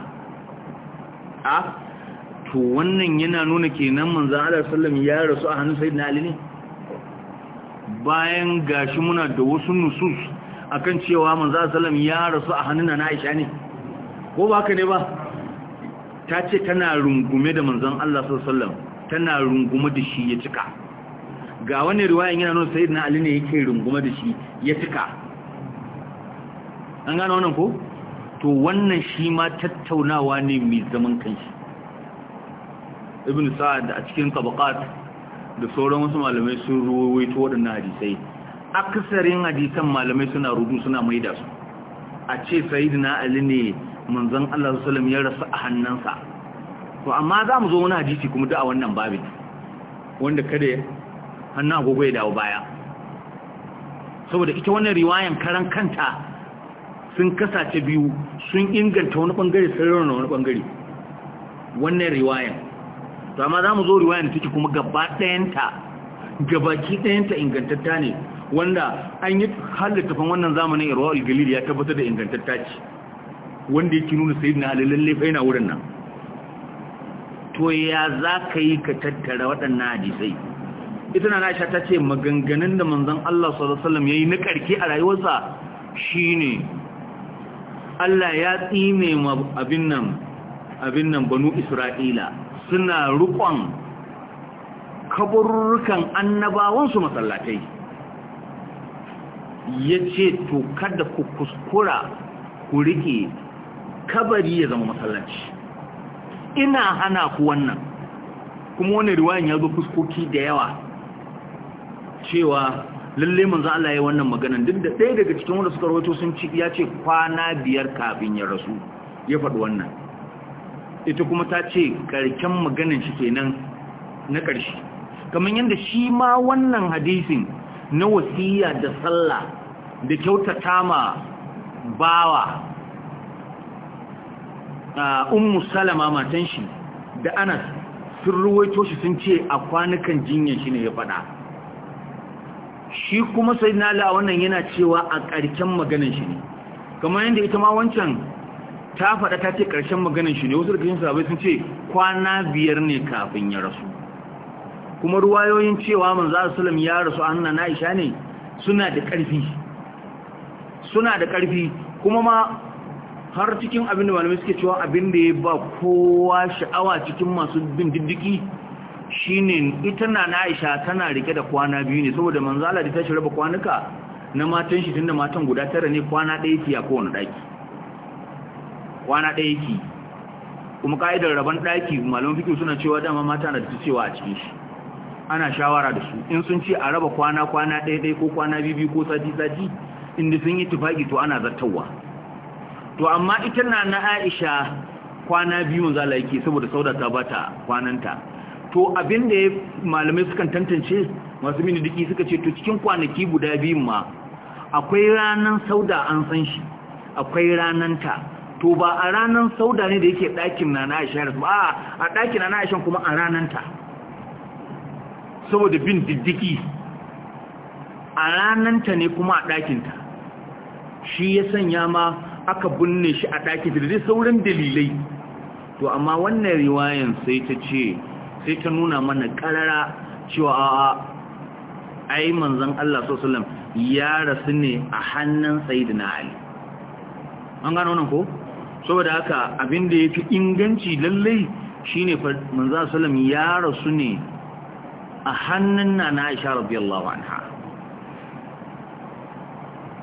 a to wannan yana nuna kenan manzo Allah sallam ya rasu a hannun sayyidina Ali ne bayan gashi muna da wasu nusus akan cewa manzo Allah sallam ya rasu a hannun Aisha ne ko ba haka ne ba ta ce tana rungume da manzon Allah sallallahu tana rungume da shi ya cika ga wani riwayan yana nuna sayyidina Ali ne yake rungume da shi ya cika an gano wannan ko to wannan shi ma tattaunawa ne mai zaman kanshi ibn sa'ad a cikin tabaqat da sauran wasu malamai sun ruwaito waɗannan hadisai akasarin hadisan malamai suna rudu suna maida su a ce sayyidina ali ne manzon Allah sallallahu ya rasu a hannunsa to amma za mu zo wani hadisi kuma da a wannan babin wanda kada hannu agogo ya dawo baya saboda ita wannan riwayan karan kanta sun kasace biyu sun inganta wani bangare sun rauna wani bangare wannan riwayan to amma za mu zo riwayan da take kuma gaba ɗayanta gabaki ɗayanta ingantatta ne wanda an yi halittafin wannan zamanin irwa galil ya tabbatar da ingantatta ce wanda yake nuna sayyidina ali lalle fa yana wurin nan to ya za ka yi ka tattara waɗannan hadisai ita na Aisha ta ce maganganun da manzon Allah sallallahu alaihi wasallam yayi na karke a rayuwarsa shine Allah ya tsine ma abin nan abin nan banu Isra'ila suna rukon kaburrukan annabawan su masallatai yace to kada ku kuskura ku rike kabari ya zama masallaci ina hana ku wannan kuma wannan riwayan ya zo fuskoki da yawa cewa lalle manzo Allah ya wannan magana duk da ɗaya daga cikin wanda suka rawaito sun ci ya ce kwana biyar kafin ya rasu ya faɗi wannan ita kuma ta ce karken maganan shi kenan na ƙarshe kamar yadda shi ma wannan hadisin na wasiya da sallah da kyautata ma bawa ummu salama matan shi da anas sun ruwaito shi sun ce a kwanukan jinyar shi ne ya faɗa shi kuma sai na la wannan yana cewa a ƙarshen maganar shi ne kamar yadda ita ma wancan ta faɗa ta ce ƙarshen maganar shi ne wasu daga cikin sun ce kwana biyar ne kafin ya rasu kuma ruwayoyin cewa su salam ya rasu a na Aisha ne suna da ƙarfi suna da ƙarfi kuma ma har cikin abin da malamai suke cewa abin da ya ba kowa sha'awa cikin masu bin diddiki shine ita na Aisha tana rike da kwana biyu ne saboda manzo Allah da ta shirba kwanuka na matan shi tunda matan guda tara ne kwana ɗaya ki a kowane daki kwana ɗaya ke kuma ka'idar rabon daki malamai fikin suna cewa dama mata na da cewa a cikin shi ana shawara da su in sun ce a raba kwana kwana ɗaya ɗaya ko kwana biyu biyu ko sati sati inda sun yi tufaki to ana zartawa to amma ita na na aisha kwana biyu za Allah yake saboda sauda ta bata kwananta to abin da malamai sukan tantance masu mini duki suka ce to cikin kwanaki guda biyun ma akwai ranan sauda an san shi akwai rananta to ba a ranan sauda ne da yake ɗakin na na aisha ba a ɗakin na na aisha kuma a rananta saboda bin diddiki a rananta ne kuma a ɗakinta shi ya sanya ma aka binne shi a ɗaki da dai sauran dalilai to amma wannan riwayan sai ta ce sai ta nuna mana ƙarara cewa a ai manzon Allah wasallam ya rasu ne a hannun sayyidina Ali an gano nan ko? saboda haka abin da ya fi inganci lallai shine alaihi wasallam ya rasu ne a hannun Nana aisha radiyallahu anha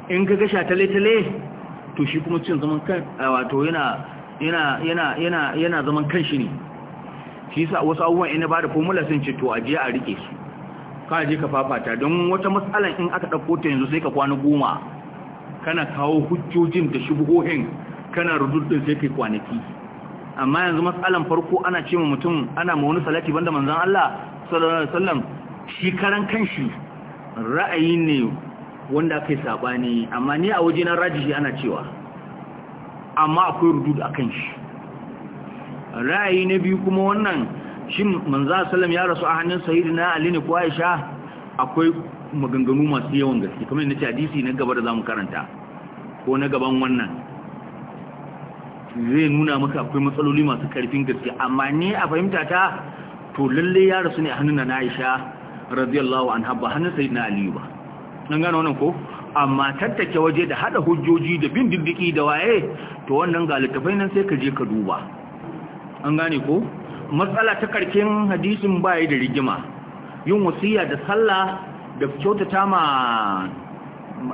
in ka gasha tale-tale to shi kuma cin zaman kan wato yana yana yana yana yana zaman kanshi ne shi yasa wasu abubuwan ina ba da formula sun ce to aje a rike su ka je ka fafata don wata matsalan in aka dauko ta yanzu sai ka kwana goma kana kawo hujjojin da shubuhohin kana rududin sai kai kwanaki amma yanzu matsalan farko ana ce mutum ana ma wani salati banda manzon Allah sallallahu alaihi wasallam shi karan kanshi ra'ayi ne wanda aka yi saɓani, amma ni a wajena rajihi ana cewa amma akwai a kan shi ra'ayi na biyu kuma wannan shi manzo sallam ya rasu a hannun sayyidina ali ne ko aisha akwai maganganu masu yawan gaske kamar na hadisi na gaba da zamu karanta ko na gaban wannan zai nuna maka akwai matsaloli masu karfin gaske amma ni a fahimta ta to lalle ya rasu ne a hannun na aisha radiyallahu anha ba hannun sayyidina ali ba nan gano wannan ko amma tantake waje da hada hujjoji da bin diddiki da waye to wannan ga littafai nan sai ka je ka duba an gane ko matsala ta karkin hadisin baya da rigima yin wasiya da sallah da kyautata ma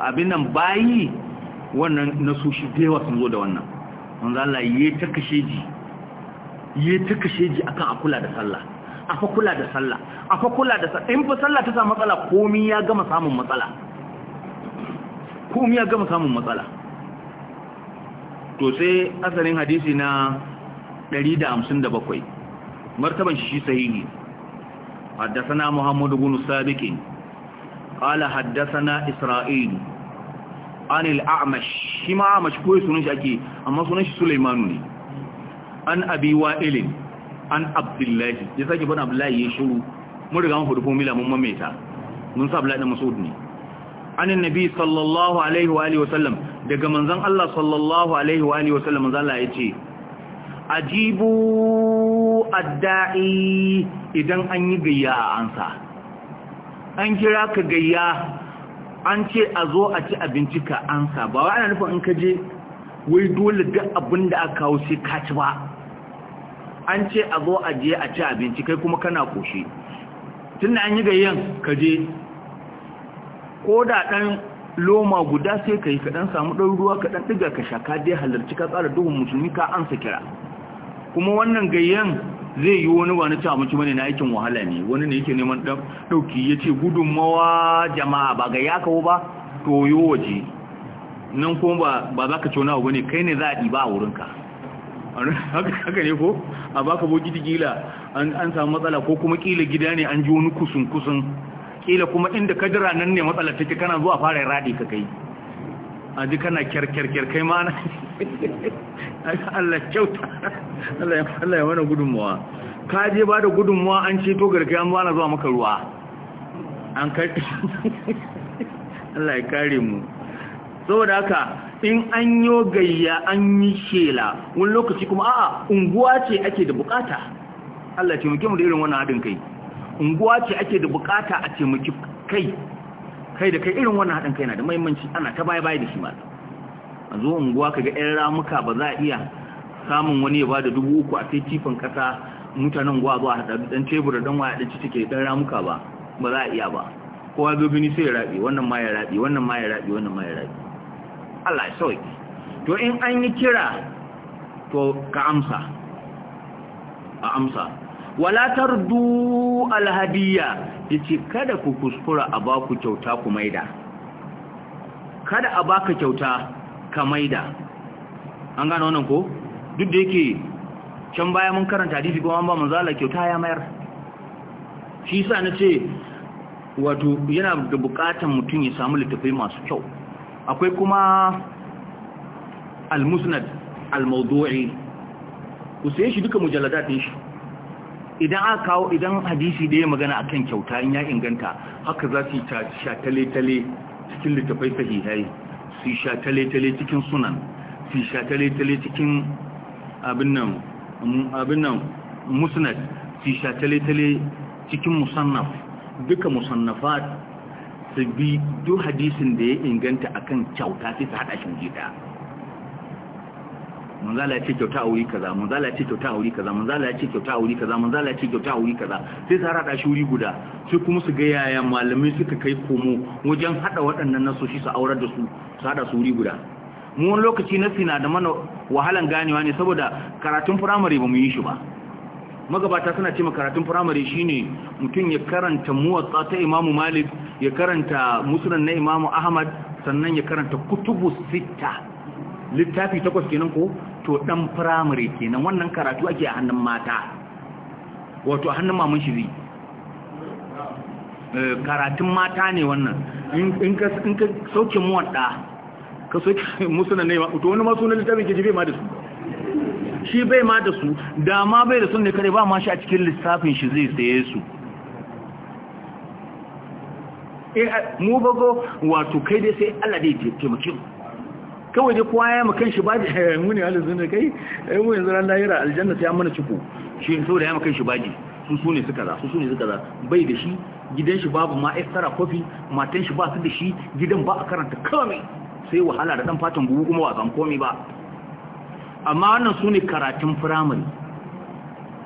abin nan bayi wannan na su shi dewa sun zo da wannan manzo Allah yayi ta kashe ji yayi ta kashe ji akan kula da sallah afa kula da sallah afa kula da sallah in fa sallah ta samu matsala komai ya gama samun matsala komi ya gama samun matsala to sai asalin hadisi na 157 martaban shi sahihi haddasana muhammad ibn sabiqin qala haddasana isra'il an al-a'mash shi ma a'mash ko sunan shi ake amma sunan shi sulaiman ne an abi wa'il an abdullahi ya sake bana abdullahi ya shiru mun riga mun hudu ko mila mun mamaita mun sa abdullahi dan masud ne anin nabi sallallahu alaihi wa alihi wasallam daga manzon Allah sallallahu alaihi wa alihi wasallam manzon Allah yace ajibu adda'i idan an yi gayya a ansa an kira ka gayya an ce a zo a ci abinci ka ansa ba wa ana nufin in ka je wai dole duk abin da aka kawo sai ka ci ba an ce a zo a je a ci abinci kai kuma kana koshi tunda an yi gayyan ka je ko da ɗan loma guda sai ka yi kaɗan samu ɗan ruwa kaɗan ɗiga ka sha ka dai halarci ka tsara duhun musulmi ka ansa kira kuma wannan gayyan zai yi wani wani na ci abinci bane na aikin wahala ne wani ne yake neman ɗauki ya ce gudunmawa jama'a ba ga ya kawo ba to yi waje nan kuma ba za ka cona wani ne kai ne za a ɗiba a wurinka haka ne ko a baka boki digila an samu matsala ko kuma kila gida ne an ji wani kusun kusun kila kuma inda ka jira nan ne matsalar take kana zuwa fara radi ka kai a ji kana kyarkyarkyar kai ma <laughs> Allah kyauta Allah ya mana gudunmuwa ka je ba da gudunmuwa an ceto garkai an bana zuwa maka ruwa an kai <laughs> Allah ya kare mu saboda haka in an yo gayya an yi shela wani lokaci kuma a'a unguwa ce ake da bukata Allah ce taimake mu da irin wannan hadin kai unguwa ce ake da bukata a taimaki kai kai da kai irin wannan haɗin kai na da mahimmanci ana ta baya baya da shi ma a zo unguwa kaga yan ramuka ba za a iya samun wani ya bada dubu uku a kai tifin kasa mutanen unguwa zuwa haɗa dan tebur dan waya dan cike dan ramuka ba ba za a iya ba kowa zo bini sai ya rabe wannan ma ya rabe wannan ma ya rabe wannan ma ya rabe Allah ya sauki to in an yi kira to ka amsa a amsa wala tardu alhadiya yace kada ku kuskura a ba ku kyauta ku maida kada a baka kyauta ka maida an gane wannan ko duk da yake can baya mun karanta hadisi kuma an ba manzo Allah kyauta ya mayar shi yasa nace wato yana da bukatan mutum ya samu littafai masu kyau akwai kuma al-musnad al-mawdu'i ku sai shi duka mujalladatin shi idan aka kawo idan hadisi da ya magana akan kyauta in ya inganta haka za su yi shatale-tale cikin littafai sahihai su sha tale tale cikin sunan su sha tale tale cikin abin nan musnad su sha tale tale cikin musannaf duka musannafat su bi duk hadisin da ya inganta akan kyauta sai su haɗa shi gida manzala ya ce kyauta a wuri kaza manzala ya ce kyauta a wuri kaza manzala ya ce kyauta a wuri kaza manzala ya ce kyauta a wuri kaza sai su harada shi wuri guda sai kuma su ga yaya malamai suka kai komo wajen hada waɗannan nasoshi su aurar da su su hada su wuri guda mu wani lokaci na na da mana wahalan ganewa ne saboda karatun firamare ba mu yi shi ba magabata suna ce karatun firamare shine mutum ya karanta muwatsa ta imamu malik ya karanta musulun na imamu ahmad sannan ya karanta kutubu sita littafi takwas kenan ko to dan firamare kenan wannan karatu ake a hannun mata wato a hannun mamun shiri eh, karatun mata ne wannan in ka sauke mu wanda, ka sauke musu na nema to wani masu littafin ke ji bai ma da su shi bai ma da su dama bai da sunne ne kare ba ma shi a cikin lissafin shi zai saye su eh, mu bago wato kai dai sai Allah dai taimake mu kawai dai kowa ya makan shi baji mu ne alizun da kai ai eh, mu yanzu ran lahira aljanna sai an mana ciko shi so da ya makan shi baji su su ne suka za su su ne suka za bai da shi gidan shi babu ma extra kofi matan shi ba su da shi gidan ba a karanta komai sai wahala da dan fatan buhu kuma ba san ba amma wannan su ne karatun firamare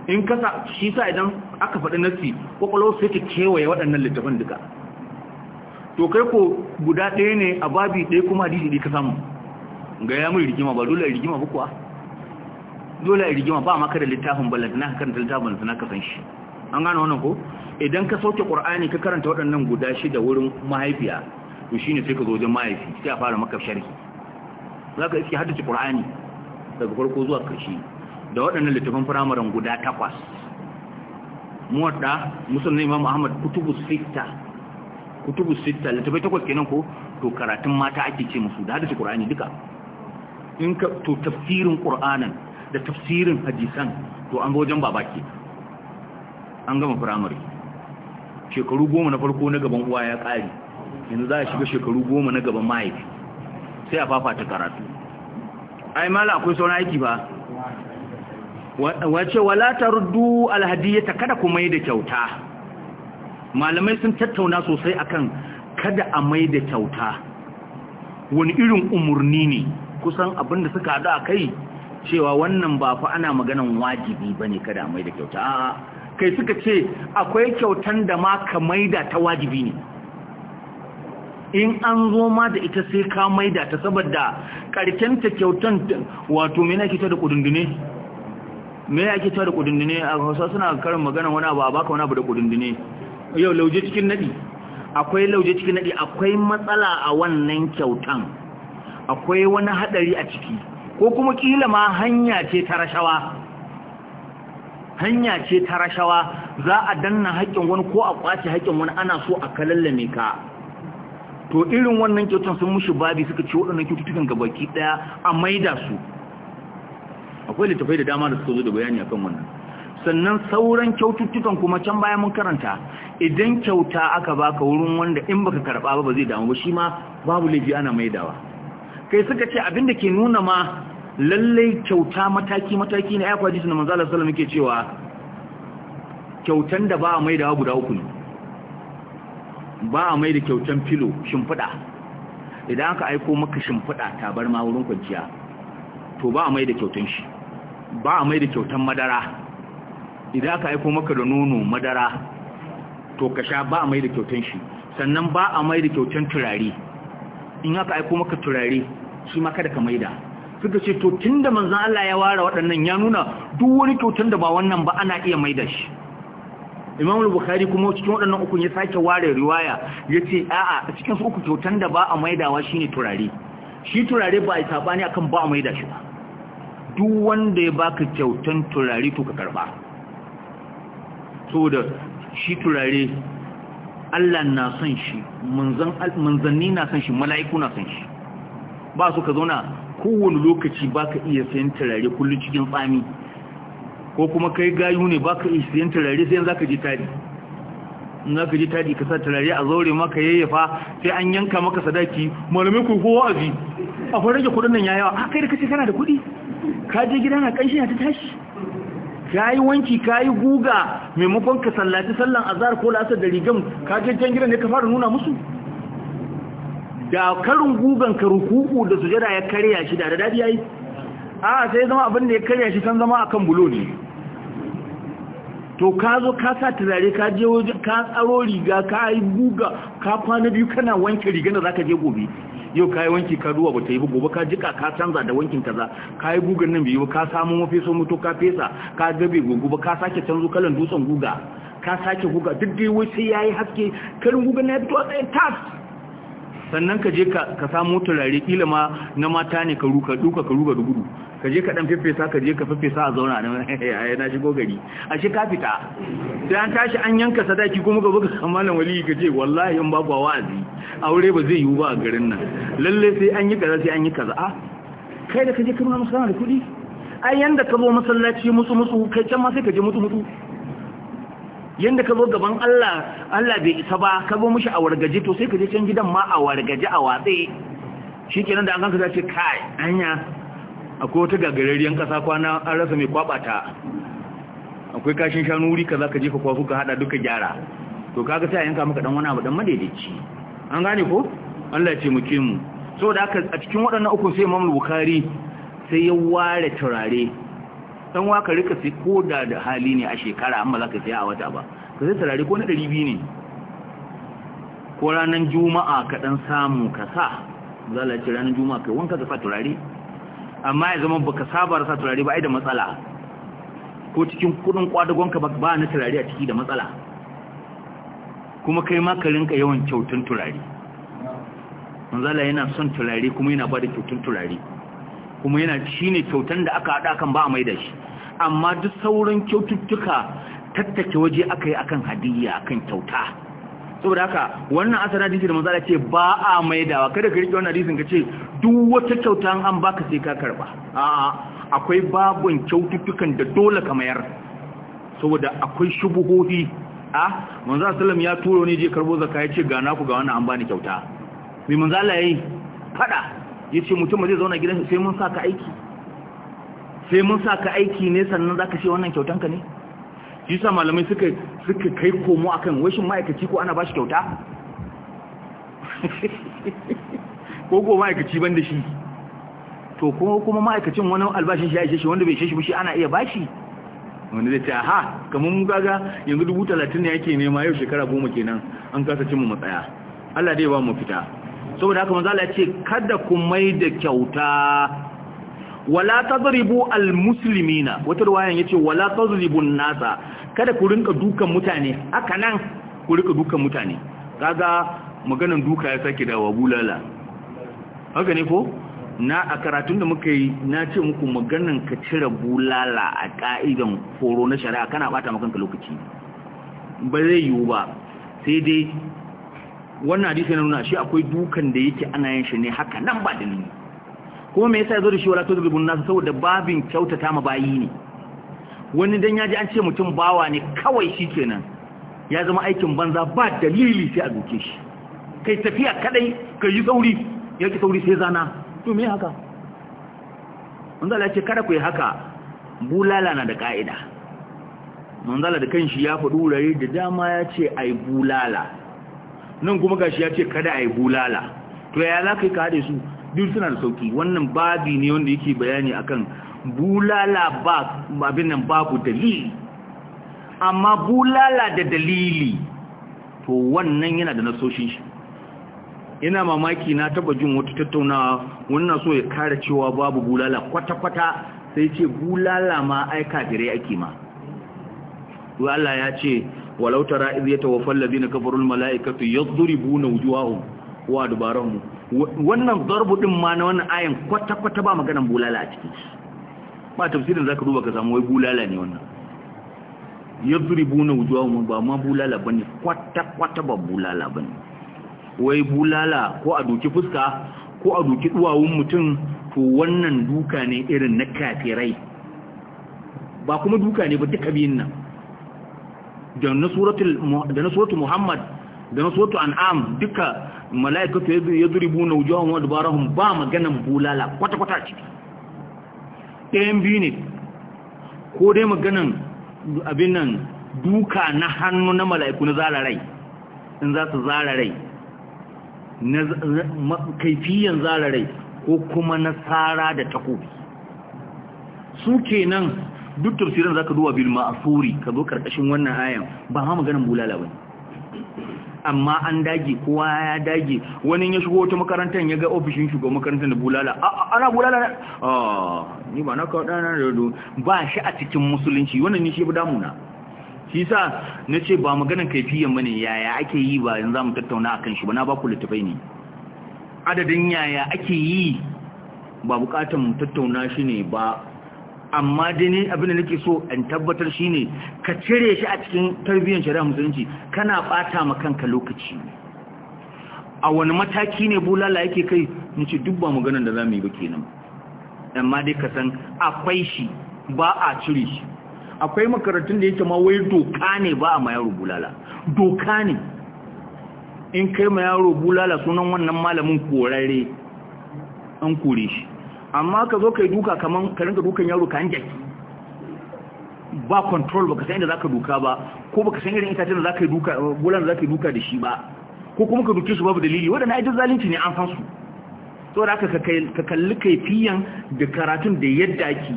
in kasa shi sa idan aka faɗi nassi kwakwalwar sai ta kewaye waɗannan littafin duka to kai ko guda ɗaya ne a babi ɗaya kuma hadisi ɗaya ka samu ga ya mun rigima ba dole rigima ba kuwa dole rigima ba maka da littafin ballantana ka karanta littafin ballantana ka san shi an gane wannan ko idan ka sauke qur'ani ka karanta waɗannan guda shida wurin mahaifiya to shine sai ka zo wajen mahaifi sai a fara maka sharhi zaka iske haddace qur'ani daga farko zuwa karshe da waɗannan littafin firamaren guda takwas muwadda musulun imam ahmad kutubu sita kutubu sita littafai takwas kenan ko to karatun mata ake ce musu da haddace qur'ani duka in ka to tafsirin qur'anin da tafsirin hadisan to an ga wajen baba ke an gama firamare. shekaru goma na farko na gaban uwa ya ƙari yanzu za a shiga shekaru goma na gaban mahaifi sai a fafata karatu ai mala akwai sauran aiki ba wace wala taruddu alhadiyata kada ku mai da kyauta malamai sun tattauna sosai akan kada a mai da kyauta wani irin umurni ne kusan abin da suka haɗu a kai cewa wannan ba fa ana maganan wajibi ba ne kada mai da kyauta a'a kai suka ce akwai kyautan da ma ka maida ta wajibi ne in an zo ma da ita sai ka maida ta saboda karkenta kyautan wato me nake ta da kudundune me yake ta da kudundune a Hausa suna karin magana wani abu a baka wani abu da kudundune yau lauje cikin nadi akwai lauje cikin nadi akwai matsala a wannan kyautan akwai wani hadari a ciki ko kuma kila ma hanya ce ta rashawa hanya ce ta rashawa za a danna haƙƙin wani ko a ƙwace haƙƙin wani ana so a kalallame ka to irin wannan kyautan sun mushi babi suka ci waɗannan kyaututtukan gabaki ɗaya a maida su akwai littafai da dama da suka zo da bayani akan wannan sannan sauran kyaututtukan kuma can baya mun karanta idan kyauta aka baka wurin wanda in baka karɓa ba ba zai damu ba shi ma babu laifi ana maidawa kai suka ce abinda ke nuna ma lallai kyauta mataki-mataki na ya jisun da na manzala salam yake cewa kyautan da ba a mai da guda uku ne ba a mai da kyautan filo shimfiɗa idan aka aiko maka shimfiɗa ta bar ma wurin kwanciya to ba a mai da kyautan shi ba a mai da kyautan madara idan aka aiko maka da nono madara to ka sha ba a mai da kyautan shi sannan ba a mai da kyautan turare in aka aiko maka turare shi ma kada ka maida suka ce to tunda manzon Allah ya ware waɗannan ya nuna duk wani kyautar da ba wannan ba ana iya maida shi Imam al-Bukhari kuma cikin waɗannan uku ya sake ware riwaya yace a'a cikin su uku kyautar da ba a maidawa shine turare shi turare ba a sabani akan ba a maida shi ba duk wanda ya baka kyautan turare to ka karba saboda shi turare Allah na son shi manzanni na son shi mala'iku na son shi ba su ka zauna kowane lokaci ba ka iya sayan turare kullum cikin tsami ko kuma kai gayu ne ba ka iya sayan turare sai za ka ji tari za ka ji tari ka sa turare a zaure maka yayyafa sai an yanka maka sadaki malamai ku kowa aji a fara rage kudin nan yayawa a kai da kace kana da kudi ka je gida na kanshi na ta tashi ka yi wanki ka yi guga maimakon ka sallaci sallan azar ko lasar da rigan ka jajjen gidan ne ka fara nuna musu da karin gugan ka rukuku da sujada ya karya shi da da dadi yayi a sai zama abin da ya karya shi kan zama akan bulo ne to ka zo ka sa turare ka je ka tsaro riga ka yi guga ka kwana biyu kana wanke riga da ka je gobe yau kayi yi wanki ka ruwa ba ta yi gobe ka jika ka canza da wankin kaza ka yi gugun nan biyu ka samu mafeso mutu ka fesa ka gabe gobe ka sake canzo kalan dutsen guga ka sake guga duk dai wai sai yayi haske karin gugun na ya fito a tsayin tas sannan ka je ka samu turare kila ma na mata ne ka ruka duka ka ruga da gudu ka je ka dan feffesa ka je ka feffesa a zauna nan <laughs> eh na shigo gari a shi ka fita dan an tashi an yanka sadaki kuma ga buga mallam wali ka je wallahi in ba kwa wa'azi aure ba zai yiwu ba a garin nan lalle sai an yi kaza sai an yi kaza a ah, kai da ka je kuma masallaci da kudi ai yanda ka zo masallaci musu musu kai can ma sai ka je musu musu yanda ka zo gaban Allah Allah bai isa ba ka zo mishi a wargaje to sai ka je can gidan ma a wargaje a ke nan da an kanka zace kai anya akwai wata gagarariyar kasa kwana an rasa mai kwabata akwai kashin shanu wuri kaza ka je ka kwafu ka hada duka gyara to kaga sai yanka maka dan wani abu dan madaidaici an gane ko Allah ya ce mu mu saboda haka a cikin waɗannan uku sai Imam Bukhari sai ya ware turare dan wa ka rika sai ko da da hali ne a shekara amma za ka sai a wata ba ka sai turare ko na ɗari ne ko ranar juma'a ka dan samu ka sa zala ce ranar juma'a kai wanka ka sa turare amma ya zama baka saba sa turare ba ai da matsala ko cikin kudin kwadagonka ba na turare a ciki da matsala kuma kai ma ka rinka yawan kyautun turare manzala yana son turare kuma yana ba da kyautun turare kuma yana shi ne kyautan da aka haɗa kan ba a mai shi amma duk sauran kyaututtuka tattake waje aka yi akan hadiyya akan kyauta saboda haka wannan asar hadisi da manzo ce ba a maidawa kada ka riƙe wannan hadisin ka ce duk wata kyauta an baka sai ka karba a'a akwai babun kyaututtukan da dole ka mayar saboda akwai shubuhohi a manzo sallam ya turo ne je karbo zakka ya ce ga naku ga wannan an bani kyauta me manzo Allah yayi ya ce mutum zai zauna gidan sai mun sa ka aiki sai mun sa ka aiki ne sannan za ka ce wannan kyautanka ne shi sa malamai suka suka kai komo akan washin ma'aikaci ko ana ba shi kyauta <laughs> ko ko ma'aikaci ban da shi to kuma kuma ma'aikacin wani albashin shi ya ishe shi wanda bai ishe shi ba shi ana iya bashi wanda zai ce aha kamar mu gaga yanzu dubu talatin ne yake nema yau shekara goma kenan an kasa cin mu matsaya Allah dai ba mu fita saboda haka manzo ya ce kada ku mai da kyauta wala tadribu almuslimina wata riwayan yace wala tadribun nasa kada ku rinka dukan mutane haka nan ku rinka dukan mutane kaga maganan duka ya sake dawa bulala haka ne ko na a karatun da muka yi na ce muku maganan ka cire bulala a ka'idan horo na shari'a kana bata maka lokaci ba zai yiwu ba sai dai wannan hadisi na nuna shi akwai dukan da yake ana yin shi ne haka nan ba dalili kuma me yasa yazo da shi wala tudribun nas saboda babin kyautata ma bayi ne wani dan yaji an ce mutum bawa ne kawai shi kenan ya zama aikin banza ba dalili sai a duke shi kai tafiya kadai kai yi sauri yake sauri sai zana to me haka wanda ya ce kada ku yi haka bulala na da ka'ida manzala da kanshi ya faɗu wurare da dama ya ce ai bulala nan kuma gashi ya ce kada a yi bulala to ya za ka yi ka haɗe su duk suna da sauki wannan babi ne wanda yake bayani akan bulala ba abin nan babu dalili amma bulala da dalili to wannan yana da nasoshin shi ina mamaki na taba jin wata tattaunawa wannan so ya kare cewa babu bulala kwata-kwata sai ce bulala ma ai kafirai ake ma to Allah ya ce walau tara iz yatawaffal ladina kafaru almalaikatu yadhribuna wujuhahum wa adbarahum wannan darbu din ma na wannan ayan kwata kwata ba maganan bulala a ciki ba tafsirin zaka duba ka samu wai bulala ne wannan yadribuna wujuhahum ba ma bulala bane kwata kwata ba bulala bane wai bulala ko a doki fuska ko a doki duwawun mutum to wannan duka ne irin na kafirai ba kuma duka ne ba duka biyun nan da na suratu muhammad da na suratu an'am duka mala'ikatu ya zuribu na wujuwan wadda barahun ba maganan bulala kwata-kwata ciki ɗayan biyu ne ko dai maganan abin nan duka na hannu na mala'iku na zara rai in za su zara rai na kaifiyan zara rai ko kuma na tsara da takobi su kenan duk tafsirin zaka duba bil ma'furi ka zo karkashin wannan ayan ba ma maganar bulala bane amma an dage kowa ya dage wani ya shigo wata makarantar ya ga ofishin shugaban makarantar da bulala ana bulala ah ni ba na kawo ɗana da rado ba shi a cikin musulunci wannan ni shi damu damuna shi sa na ce ba maganar kaifiyan bane yaya ake yi ba yanzu mu tattauna akan shi ba na ba ku littafai ne adadin yaya ake yi ba bukatan mu tattauna shi ne ba amma dai ne abin da nake so in tabbatar shi ne ka cire shi a cikin tarbiyyar shari'a musulunci kana bata ma kanka lokaci a wani mataki ne bulala yake kai nace duk ba maganar da za mu yi ba kenan amma dai ka san akwai shi ba a cire shi akwai makarantun da yake ma wai doka ne ba a ma bulala doka ne in kai ma yaro bulala sunan wannan malamin korare an kore shi amma ka zo ka yi duka kamar ka dukan yaro ka hanjaki ba control ka san inda ka duka ba ko ka san irin itacen da ka yi duka bulan da ka yi duka da shi ba ko kuma ka duke su babu dalili wadannan ai duk zalunci ne an san su to da aka ka kalli kaifiyan da karatun da yadda ake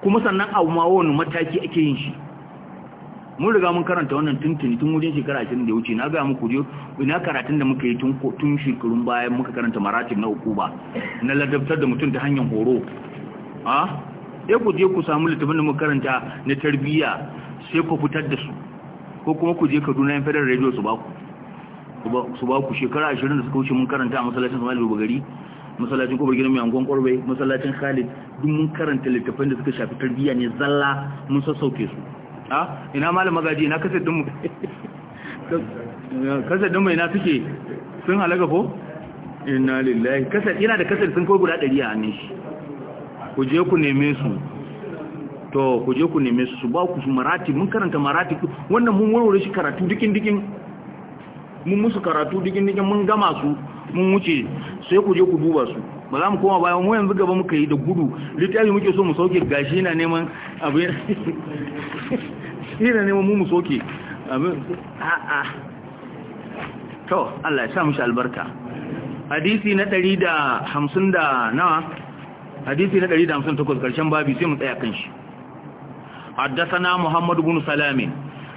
kuma sannan a ma wani mataki ake yin shi mun riga mun karanta wannan tuntuni tun wajen shekara 20 da wuce na ga muku je ina karatun da muka yi tun tun shekarun bayan muka karanta maratib na hukuma na ladabtar da mutum ta hanyar horo a sai eh, ku je ku samu littafin da muka karanta na tarbiyya sai ku fitar da su ko kuma ku je Kaduna yan Federal Radio su ba ku su ba ku shekara 20 da suka wuce mun karanta a masallacin Samuel Bugari masallacin kobar gidan mai angon Korbe masallacin Khalid duk mun karanta littafin da suka shafi tarbiyya ne zalla mun sassauke su a ina malam magaji ina kasar dinmu kasar dinmu ina suke sun halaga ko inna lillahi kasar ina da kasar sun kai guda ɗari a hannun shi ku je ku neme su to ku je ku neme su su ba ku su marati mun karanta marati wannan mun warware shi karatu dikin dikin mun musu karatu dikin dikin mun gama su mun wuce sai ku je ku duba su ba za mu koma bayan mu yanzu gaba muka yi da gudu littafi muke so mu soke. gashi na neman abu shi na neman mu mu soke abin a'a to Allah ya sa mu shi albarka hadisi na 150 da nawa hadisi na 158 karshen babi sai mu tsaya kan shi حدثنا محمد بن سلام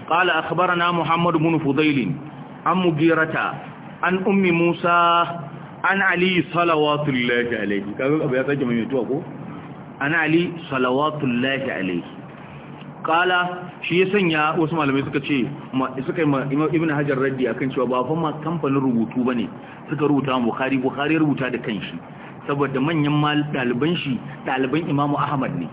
قال أخبرنا محمد بن فضيل عن مجيرة an ummi musa an ali salawatullahi alaihi kaga abu ya sake mai mutuwa ko an ali salawatullahi alaihi kala shi ya sanya wasu malamai suka ce suka yi ibn hajar raddi akan cewa ba fa ma kamfanin rubutu bane suka rubuta bukhari bukhari rubuta da kanshi saboda manyan daliban shi daliban imamu ahmad ne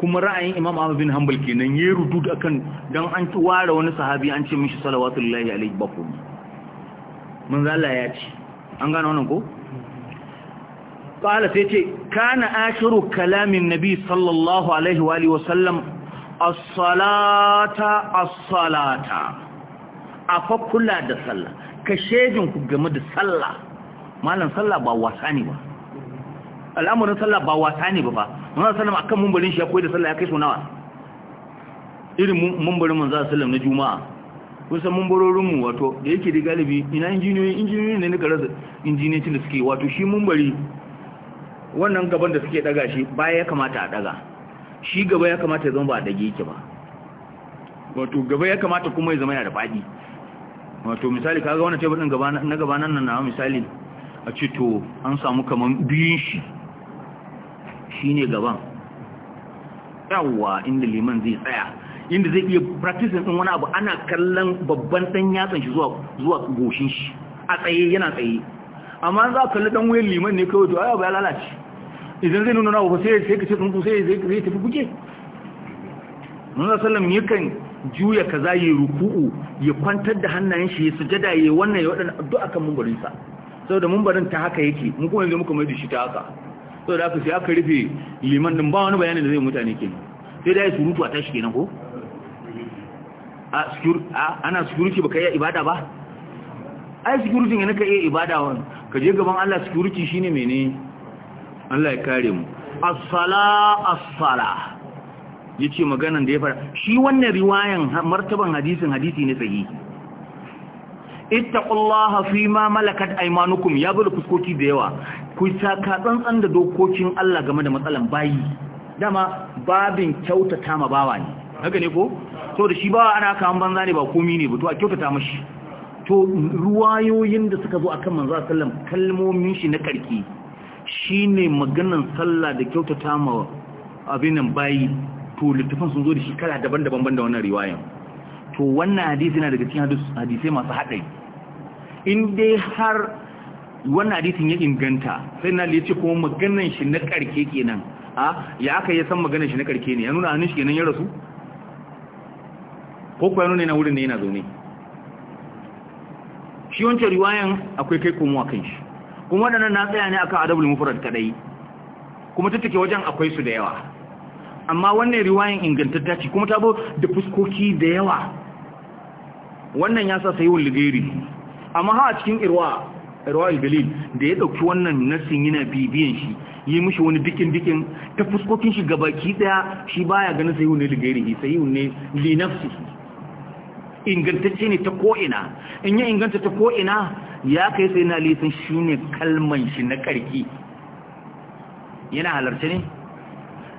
kuma ra'ayin imam ahmad bin hanbal kenan ya rudu akan dan an ware wani sahabi an ce mishi salawatullahi alaihi bakum manzo Allah ya ce an gano wannan ko qala sai ce kana ashiru kalamin nabi sallallahu alaihi wa alihi wasallam as-salata as-salata afa kula da sallah ka shejin ku game da sallah malam sallah ba wasa ne ba al'amuran sallah ba wasa ne ba ba manzo sallam akan mumbarin shi ya koyi da sallah ya kai so nawa irin mumbarin manzo sallam na juma'a kun san kusan mu wato da yake da galibi ina injiniyoyi injiniyoyi ne nika rasa injiniyancin da suke wato shi mumbari wannan gaban da suke daga shi baya ya kamata a daga shi gaba ya kamata ya zama ba a dage yake ba wato gaba ya kamata kuma ya zama yana da fadi wato misali kaga wannan tebur din gaba na gaba nan na misali a ce to an samu kaman biyun shi shine gaban yawwa inda liman zai tsaya inda zai iya practicing din wani abu ana kallon babban dan yatsan shi zuwa zuwa goshin shi a tsaye yana tsaye amma za ka kalli dan wayan liman ne kawai to ai ba ya lalace idan zai nuna ba sai sai ka ce tsuntsu sai zai tafi buke Nuna sallam kan juya kaza yi ruku'u ya kwantar da hannayen shi ya sujada ya wannan ya wadannan addu'a akan mumbarin sa saboda mumbarin ta haka yake mu kuma yanzu muka mai da shi ta haka saboda haka sai aka rufe liman din ba wani bayani da zai mutane kenan sai da ya surutu a tashi kenan ko ana security ba ka iya ibada ba ai security ne ka iya ibada wani ka je gaban Allah security shine mene Allah ya kare mu as-sala as-sala yace maganan da ya fara shi wannan riwayan martaban hadisin hadisi ne sahihi ittaqullaha fima malakat aymanukum ya bulu kuskoki da yawa ku saka tsantsan da dokokin Allah game da matsalan bayi dama babin kyautata ma bawa ne haka ne ko saboda shi ba ana kan banza ne ba komi ne ba to a kyautata mashi to ruwayoyin da suka zo akan manzo sallam kalmomin shi na karki shine maganan sallah da kyautata ma abinan bayi to littafin sun zo da shi kala daban-daban banda wannan riwayan to wannan hadisi na daga cikin hadisai masu haɗari in dai har wannan hadisin ya inganta sai na lice kuma maganan shi na karke kenan ah, ya aka yi san maganan shi na karke ne ya nuna hannun shi kenan ya rasu ko kuwa nuna na wurin ne yana zaune shi wancan riwayan akwai kai komuwa kan shi kuma waɗannan na tsaya ne aka adabul mufrad kadai kuma ta take wajen akwai su da yawa amma wannan riwayan ingantatta ce kuma ta bo da fuskoki da yawa wannan ya sa sayi wulgari amma ha a cikin irwa irwa al-galil da ya dauki wannan nasin yana bibiyan shi yi mishi wani dikin dikin ta fuskokin shi gabaki daya shi baya ganin sayi wulgari sayi ne li nafsihi ingantacce ne ta ko'ina in ya inganta ta ko'ina ya kai sai na lisan shi ne kalman shi na ƙarki yana halarci ne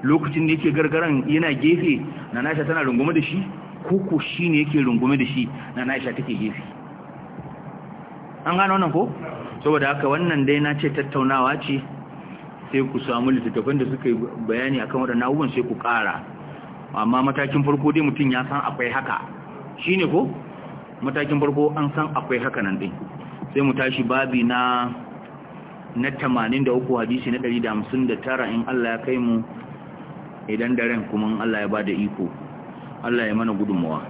lokacin da yake gargaran yana gefe na nasha tana rungume da shi koko shi ne yake rungume da shi na nasha take gefe an gano wannan ko saboda haka wannan dai na ce tattaunawa ce sai ku samu littattafan da suka yi bayani akan waɗannan abubuwan sai ku ƙara amma matakin farko dai mutum ya san akwai haka shi ne ko matakin farko an san akwai haka nan din sai mu tashi babi na na 83 hadisi na 159 in Allah ya kai mu idan daren kuma Allah ya ba da iko Allah ya mana gudunmawa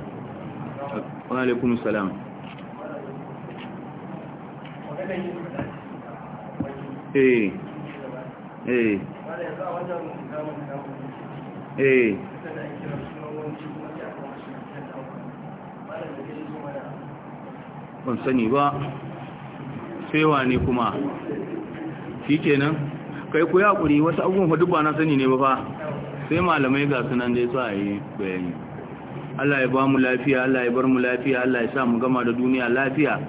wa alaikum salam eh eh eh ban sani ba sai wane kuma shi kenan kai ku ya kuri wasu abubuwan duk ba na sani ne ba fa sai malamai ga sunan dai su a yi bayani Allah ya ba mu lafiya Allah ya bar mu lafiya Allah ya sa mu gama da duniya lafiya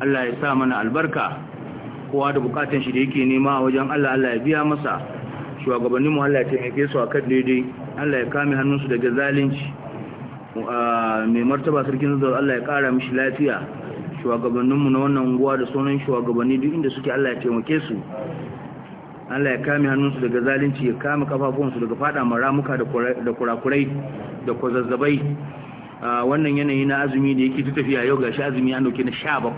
Allah ya sa mana albarka kowa da bukatun shi da yake nema a wajen Allah Allah ya biya masa shugabannin mu Allah ya taimake su akan daidai Allah ya kame hannunsu daga zalunci ah, mai martaba sarkin zuwa Allah ya kara mishi lafiya shugabanninmu na wannan unguwa da sunan shugabanni duk inda suke Allah ya taimake su Allah ya kame hannunsu daga zalunci ya kame kafafuwansu daga fada maramuka da kurakurai da kwazazzabai wannan yanayi na azumi da yake tafiya yau gashi azumi an dauke na 17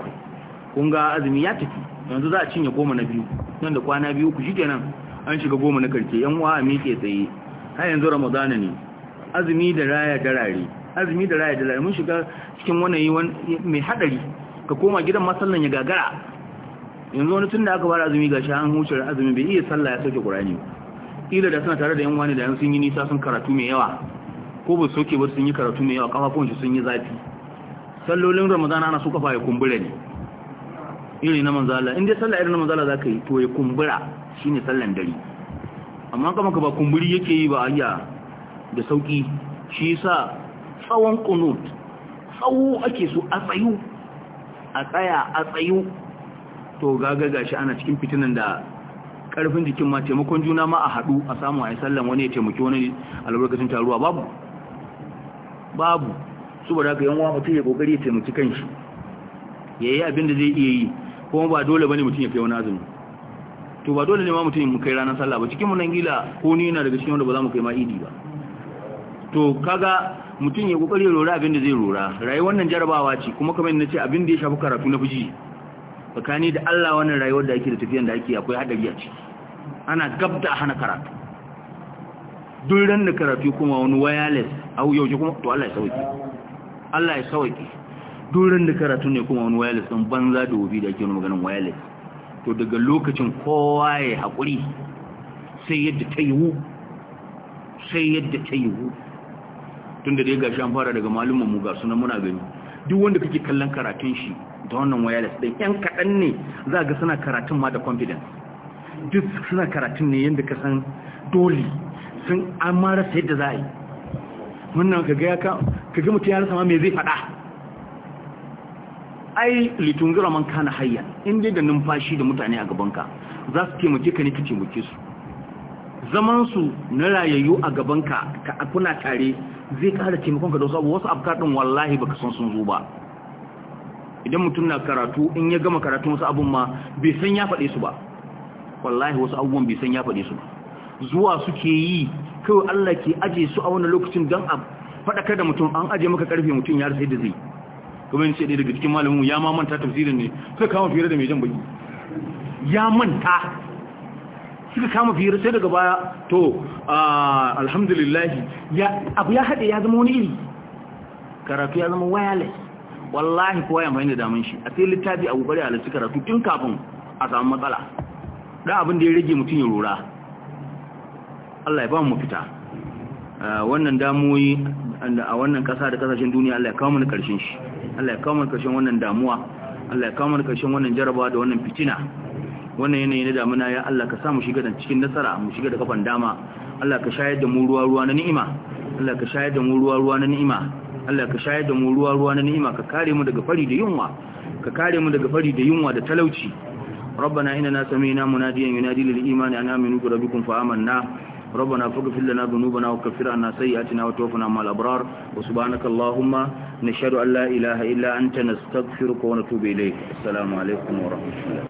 kun ga azumi ya tafi yanzu za a cinye goma na biyu nan da kwana biyu ku nan, an shiga goma na karshe yan uwa a miƙe tsaye har yanzu ramadana ne azumi da raya rare azumi da raya da mun shiga cikin wani mai hadari ka koma gidan masallan ya gagara yanzu wani tun da aka fara azumi gashi an huce azumi bai iya sallah ya soke qur'ani ila da suna tare da yan wani da sun yi nisa sun karatu mai yawa ko ba soke ba sun yi karatu mai yawa kafafun shi sun yi zafi sallolin ramadana na su kafa ya kumbura ne iri na manzala in dai sallah irin na manzala zaka yi to ya kumbura shine sallan dare amma kama ka ba kumburi yake yi ba ayya da sauki shi yasa tsawon kunut tsawo ake so a tsayu a tsaya a tsayu to gaga gashi ana cikin fitinan da karfin jikin ma taimakon juna ma a haɗu a samu a yi sallan wani ya taimaki wani albarkacin taruwa babu babu su ba da ka yanwa mutum ya kokari ya taimaki kanshi ya yi abin da zai iya yi kuma ba dole ba ne mutum ya kai wani azumi to ba dole ne ma mutum mu kai ranar sallah ba cikin nan gila ko ni na daga cikin wanda ba za mu kai ma idi ba to kaga mutum ya kokari ya lura abin da zai lura rayuwar wannan jarabawa ce kuma kamar nace abin da ya shafi karatu na fiji tsakani da Allah wannan rayuwar da ake da tafiyan da ake akwai hadari a ciki ana gabda hana karatu duk ran da karatu kuma wani wireless au yau kuma to Allah ya sauke Allah ya sauke duk ran da karatu ne kuma wani wireless din banza da wobi da ake wani maganin wireless to daga lokacin kowa ya hakuri sai yadda ta yiwu sai yadda ta yiwu tun da dai gashi an fara daga malumin mu ga sunan muna gani duk wanda kake kallon karatun shi da wannan wireless din yan kadan ne za ga suna karatun ma da confidence duk suna karatun ne yadda ka san dole sun an mara sai da za wannan ka ga ka ka ga mutum ya rasa ma me zai faɗa ai zura man kana hayya in dai da numfashi da mutane a gabanka za su taimake ka ne ka taimake su zaman su na rayayyu a gabanka ka kuna tare zai kara taimakon ka da wasu abu wasu afkar din wallahi baka san sun zo ba idan mutum na karatu in ya gama karatu wasu abun ma bai san ya faɗe su ba wallahi wasu abubuwan bai san ya faɗe su ba zuwa suke yi kawai Allah ke aje su a wani lokacin don a faɗakar da mutum an aje maka karfe mutum ya rasa da zai kuma yin ce ɗaya daga cikin malamin ya ma manta tafsirin ne sai kawo fiye da mai jan baki ya manta suka kama fiye sai daga baya to alhamdulillahi abu ya haɗe ya zama wani iri karatu ya zama wireless wallahi kowa ya mai da damun shi a sai littafi abu bari halarci karatu tun kafin a samu matsala da abin da ya rage mutum ya rura Allah ya ba mu fita wannan damuwoyi a wannan ƙasa da ƙasashen duniya Allah ya kawo mana ƙarshen shi Allah ya kawo mana ƙarshen wannan damuwa Allah ya kawo mana ƙarshen wannan jarabawa da wannan fitina wannan yanayi na damuna ya Allah ka sa mu shiga da cikin nasara mu shiga da kafan dama Allah ka shayar da mu ruwa ruwa na ni'ima Allah ka shayar da mu ruwa ruwa na ni'ima Allah ka shayar da mu ruwa ruwa na ni'ima ka kare mu daga fari da yunwa ka kare mu daga fari da yunwa da talauci ربنا إننا سمينا مناديا ينادي للإيمان أن آمنوا بربكم فآمنا ربنا فاغفر لنا ذنوبنا وكفر عنا سيئاتنا وتوفنا مع الأبرار وسبحانك اللهم نشهد أن لا إله إلا أنت نستغفرك ونتوب إليك السلام عليكم ورحمة الله